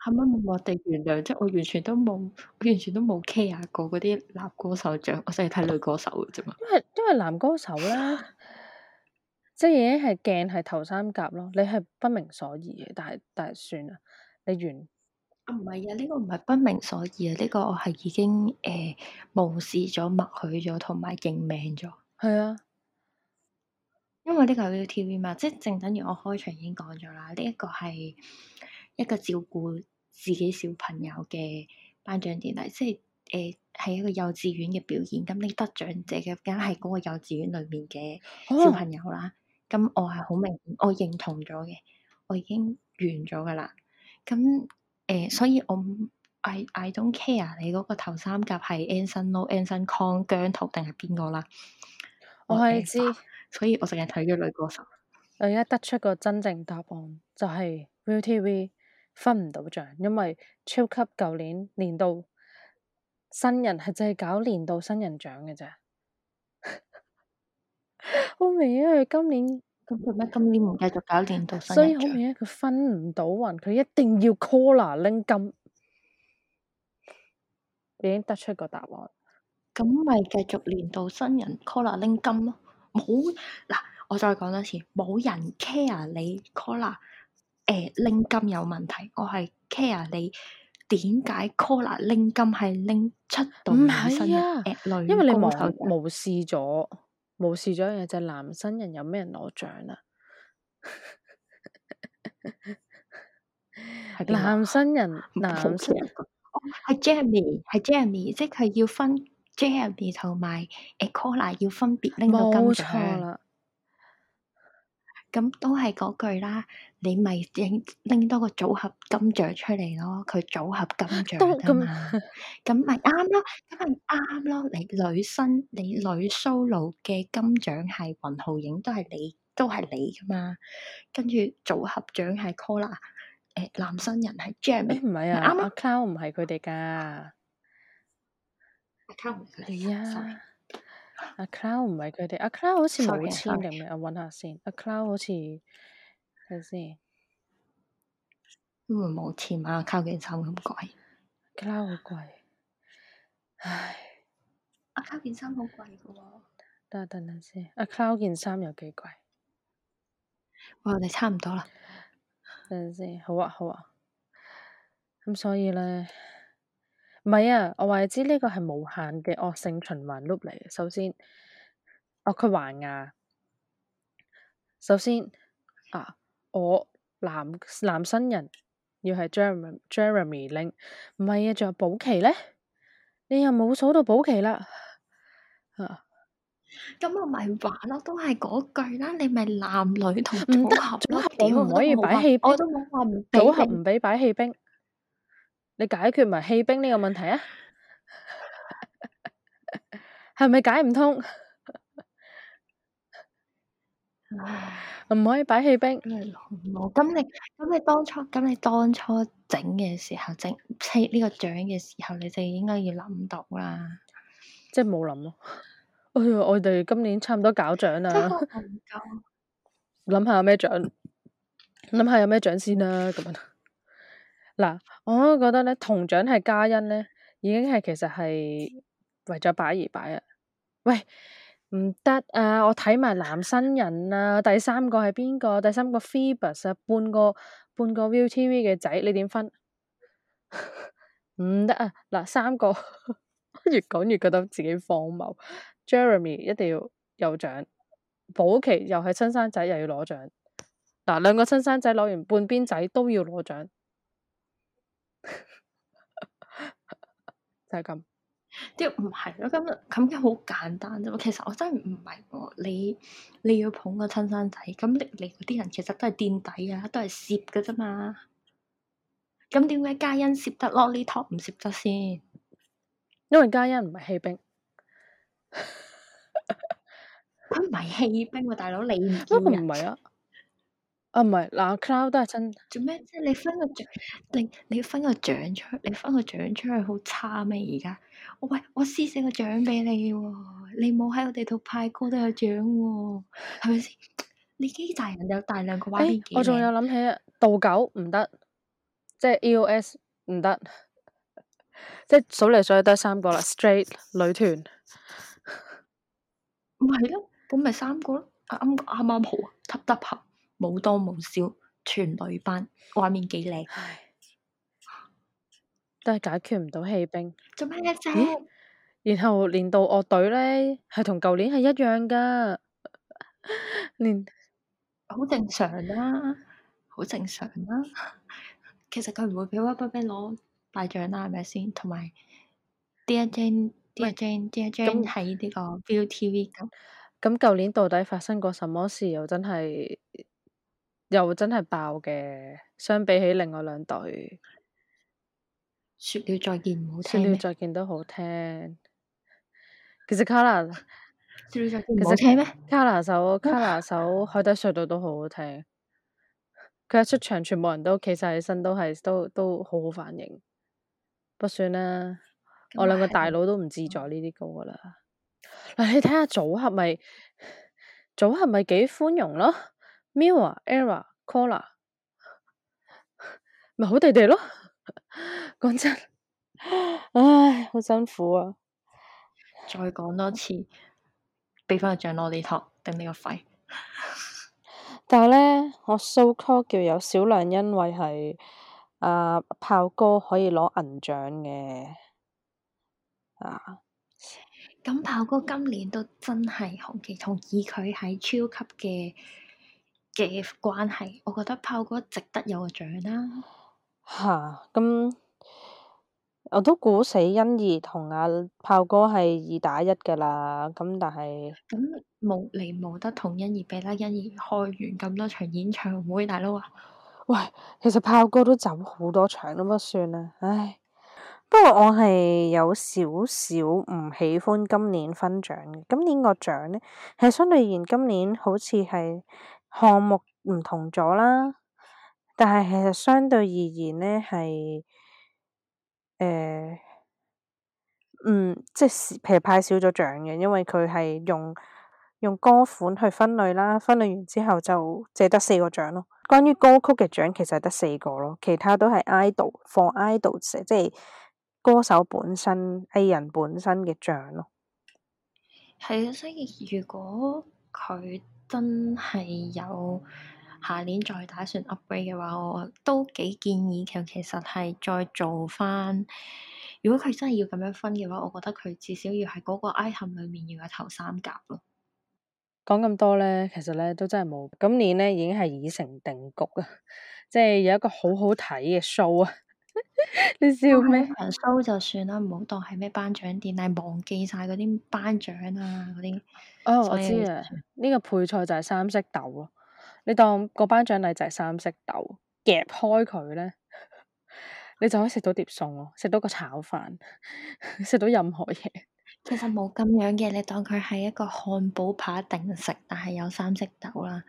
係咪默默地原諒？即係我完全都冇，完全都冇 care 過嗰啲男歌手獎，我淨係睇女歌手嘅啫嘛。因為因為男歌手啦。即係已經係鏡係頭三甲咯，你係不明所以嘅，但係但係算啦，你完。啊唔係啊，呢、啊這個唔係不明所以啊，呢、這個我係已經誒、呃、無視咗、默許咗同埋認命咗。係啊，因為呢個係 ViuTV 嘛，即係正等於我開場已經講咗啦，呢、這、一個係一個照顧自己小朋友嘅頒獎典禮，即係誒係一個幼稚園嘅表演。咁、嗯、呢得獎者嘅梗係嗰個幼稚園裏面嘅小朋友啦。咁我係好明顯，我認同咗嘅，我已經完咗噶啦。咁誒、呃，所以我 i, I don't care 你嗰個頭三甲係 Anson Lo Anson Kong 姜濤定係邊個啦？我係知，所以我成日睇啲女歌手。我而家得出個真正答案，就係、是、Viu TV 分唔到獎，因為 Chill Club 舊年年度新人係淨係搞年度新人獎嘅咋。 好明啊？佢今年咁做咩？今年唔繼 續搞年度新人獎？所以 好明、啊？佢分唔到運，佢一定要 COLLAR 拎金。 你已經得出個答案。咁咪繼續年度新人 COLLAR 拎金咯。冇嗱，我再講多次，冇人 care 你 COLLAR 誒拎金有問題，我係 care 你點解 COLLAR 拎金係拎出到新人，唔係、啊啊、因為你無無視咗。冇事咗，有隻男生人有咩人攞獎啊？男生人男，哦 TV，係 Jamie 係 Jamie 即係要分 Jamie 同埋 Ecola 要分別拎到金獎。錯啦。Heavenly, 咁都係嗰句啦，你咪拎拎多個組合金獎出嚟咯，佢組合金獎啊嘛，咁咪啱咯，咁咪啱咯。你女生你女 solo 嘅金獎係雲浩影，都係你，都係你噶嘛。跟住組合獎係 Call 啊，誒，男生人係 Jam，唔係啊，阿 Call 唔係佢哋噶，阿 Call 唔係。阿 Clow 唔係佢哋，阿 Clow 好似冇錢定咩？我搵 Sorry, sorry.、啊、下先，阿 Clow 好似睇下先？咁咪冇錢嘛？靠件衫咁貴，Clow 好貴，唉，阿 Clow 件衫好貴噶喎。等下等等先，阿 Clow 件衫有幾貴？哇，我哋差唔多啦。等陣先，好啊好啊。咁所以咧。唔係啊，我話你知呢個係無限嘅惡性循環 loop 嚟嘅。首先，哦佢還牙。首先啊，我男男新人要係 Jeremy Jeremy 拎，唔係啊，仲有保期咧，你又冇數到保期啦。啊，咁我咪話咯，都係嗰句啦，你咪男女同組合都唔可以擺戲兵，我都冇話唔組合唔俾擺戲兵。你解決埋氣兵呢個問題啊？係咪解唔通？唔可以擺氣兵。冇咁你咁你當初咁你當初整嘅時候整砌呢個獎嘅時候，你就應該要諗到啦。即係冇諗咯。哎呀！我哋今年差唔多搞獎啦。諗下有咩獎？諗下有咩獎先啦。咁樣。嗱，我都覺得咧，銅獎係嘉欣咧，已經係其實係為咗擺而擺啦。喂，唔得啊！我睇埋男新人啊，第三個係邊個？第三個 Phoebus 啊，半個半個 ViuTV 嘅仔，你點分？唔 得啊！嗱，三個 越講越覺得自己荒謬。Jeremy 一定要有獎，保奇又係親生仔，又要攞獎。嗱，兩個親生仔攞完半邊仔都要攞獎。 就係咁這、 啊，啲唔係咯，咁咁嘅好簡單啫嘛。其實我真係唔係喎，你你要捧個親生仔，咁你嗰啲人其實都係墊底啊，都係蝕㗎啫嘛。咁點解嘉欣蝕得咯呢趟唔蝕得先？因為嘉欣唔係棄兵，佢唔係棄兵喎，大佬你都唔唔係啊？啊，唔係，嗱、啊、Cloud 都係真。做咩即啫？你分個獎，你你分個獎出，去，你分個獎出去好差咩？而家，我喂，我試試個獎畀你喎、哦。你冇喺我地度派歌都有獎喎、哦，係咪先？你幾大人有大量個玩我仲有諗起啊，度九唔得，即係 EOS 唔得，即係數嚟數去得三個啦。Straight 女團，唔係咯，咁咪三個咯，啱啱啱好啊 t o 下。冇多冇少，全女班，畫面幾靚，都係解決唔到棄兵。做咩啫、啊？然後到樂隊呢年度樂隊咧，係同舊年係一樣噶。年 好連正常啦、啊，好 正常啦、啊。 其實佢唔會畀 RubberBand 攞大獎啦，係咪先？同埋 DJ，DJ，DJ 喺呢個 ViuTV 咁。咁舊年到底發生過什麼事？又真係。又真係爆嘅，相比起另外兩隊。説了再見唔好聽。説了再見都好聽。其實卡拉，説了再見唔好聽咩？其實卡拉首卡拉首 海底隧道都好好聽。佢一出場，全部人都企晒起身，都係都都好好反應。不算啦，我兩個大佬都唔自在呢啲歌啦。嗱，你睇下組合咪組合咪幾寬容咯。Mirror Era Cola 咪好地地咯。講 真的，唉，好辛苦啊。再講多次，畀返個獎 lolly talk，頂你個肺。 但係咧，我收、so、call 叫有少量因為係啊、呃、炮哥可以攞銀獎嘅啊。咁炮哥今年都真係好奇，同意佢喺超級嘅。嘅關係，我覺得炮哥值得有個獎啦、啊。吓，咁、嗯、我都估死欣宜同阿炮哥係二打一噶啦。咁、嗯、但係咁、嗯、無厘無得同欣宜比啦。欣宜開完咁多場演唱會，大佬啊！喂，其實炮哥都走好多場都唔算啦。唉，不過我係有少少唔喜歡今年分獎嘅。今年個獎呢，係相對而言，今年好似係。項目唔同咗啦，但係其實相對而言呢，係，誒，嗯，即係譬如派少咗獎嘅，因為佢係用用歌款去分類啦，分類完之後就淨得四個獎咯。關於歌曲嘅獎其實係得四個咯，其他都係 idol 放 idol 寫即係歌手本身藝人本身嘅獎咯。係啊，所以如果佢。真係有下年再打算 upgrade 嘅話，我都幾建議其實係再做翻。如果佢真係要咁樣分嘅話，我覺得佢至少要喺嗰個 I 含裏面要有頭三甲咯。講咁多咧，其實咧都真係冇。今年咧已經係已成定局啊！即係有一個好好睇嘅 show 啊！ 你笑咩？收就算啦，唔好當係咩頒獎典禮，忘記晒嗰啲頒獎啊嗰啲。哦，我知啊，呢個配菜就係三色豆咯，你當個頒獎禮就係三色豆夾開佢咧，你就可以食到碟餸咯，食到個炒飯，食到任何嘢。其實冇咁樣嘅，你當佢係一個漢堡扒定食，但係有三色豆啦，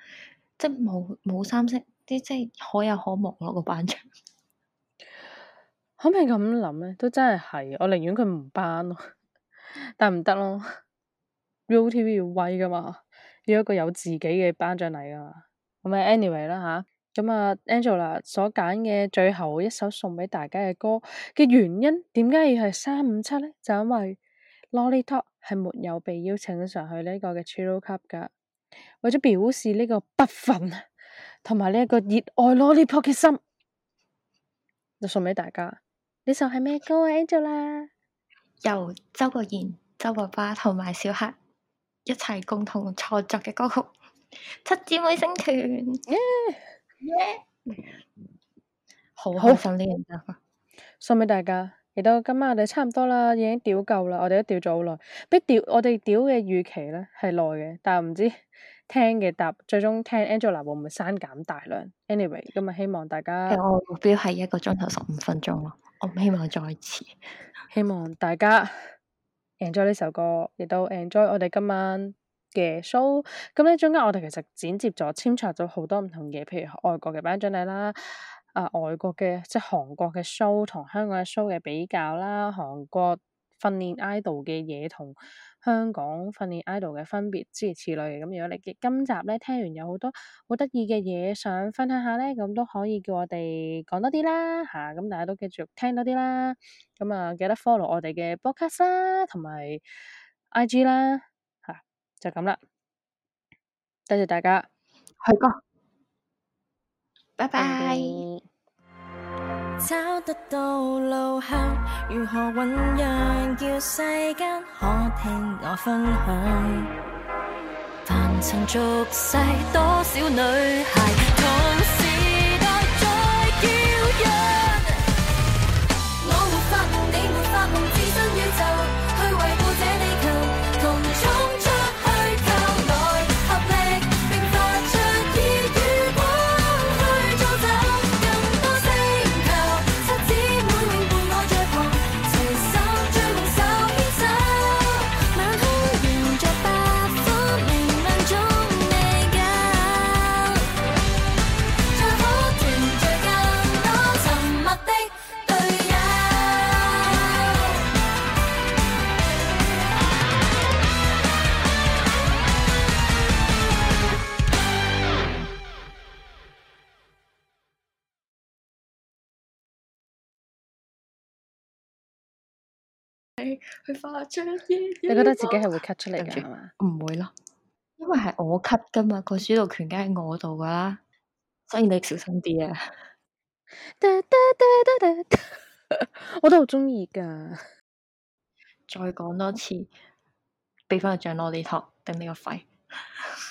即係冇冇三色，即係可有可無咯個頒獎。可唔可以咁諗咧？都真係係，我寧願佢唔頒咯，但唔得咯。ViuTV 要威噶嘛，要一個有自己嘅頒獎禮噶嘛。咁 Any 啊，anyway 啦吓，咁啊 Angela 所揀嘅最後一首送畀大家嘅歌嘅原因，點解要係三五七咧？就因為 Lollipop 係沒有被邀請上去呢個嘅 Chill Club 噶，為咗表示呢個不忿，同埋呢一個熱愛 Lollipop 嘅心，就送畀大家。呢首係咩歌啊 Angel 啦，由周國賢、周爸爸同埋小黑一齊共同創作嘅歌曲《七姊妹星團》Yeah. 好，好好訓練， 送畀大家，亦都今晚，我哋差唔多啦，已經屌夠啦，我哋都屌咗好耐，比屌我哋屌嘅預期咧係耐嘅，但係唔知。聽嘅答，最終聽 Angela 會唔會刪減大量。Anyway，咁啊希望大家。我目標係一個鐘頭十五分鐘咯，我唔希望再遲。希望大家 enjoy 呢首歌，亦都 enjoy 我哋今晚嘅 show。咁、嗯、咧中間我哋其實剪接咗、編輯咗好多唔同嘢，譬如外國嘅頒獎禮啦，啊外國嘅即係韓國嘅 show 同香港嘅 show 嘅比較啦，韓國訓練 idol 嘅嘢同香港訓練 idol 嘅分別，諸如此類。咁如果你今集咧聽完有好多好得意嘅嘢想分享下咧，咁都可以叫我哋講多啲啦，吓、啊、咁大家都繼續聽多啲啦。咁啊，記得 follow 我哋嘅 podcast 啦，同埋 IG 啦，吓、啊、就咁啦。多謝大家，去個，拜拜 bye。Okay. 找得到路向，如何醞釀？叫世間可聽我分享。凡塵俗世，多少女孩。你覺得自己係會 cut 出嚟嘅，唔吧會咯，因為係我 cut 噶嘛，個主導權梗係我度噶啦，所以你小心啲啊！ 我都好鍾意噶， 再講多次，畀翻個獎攞你托頂你個肺。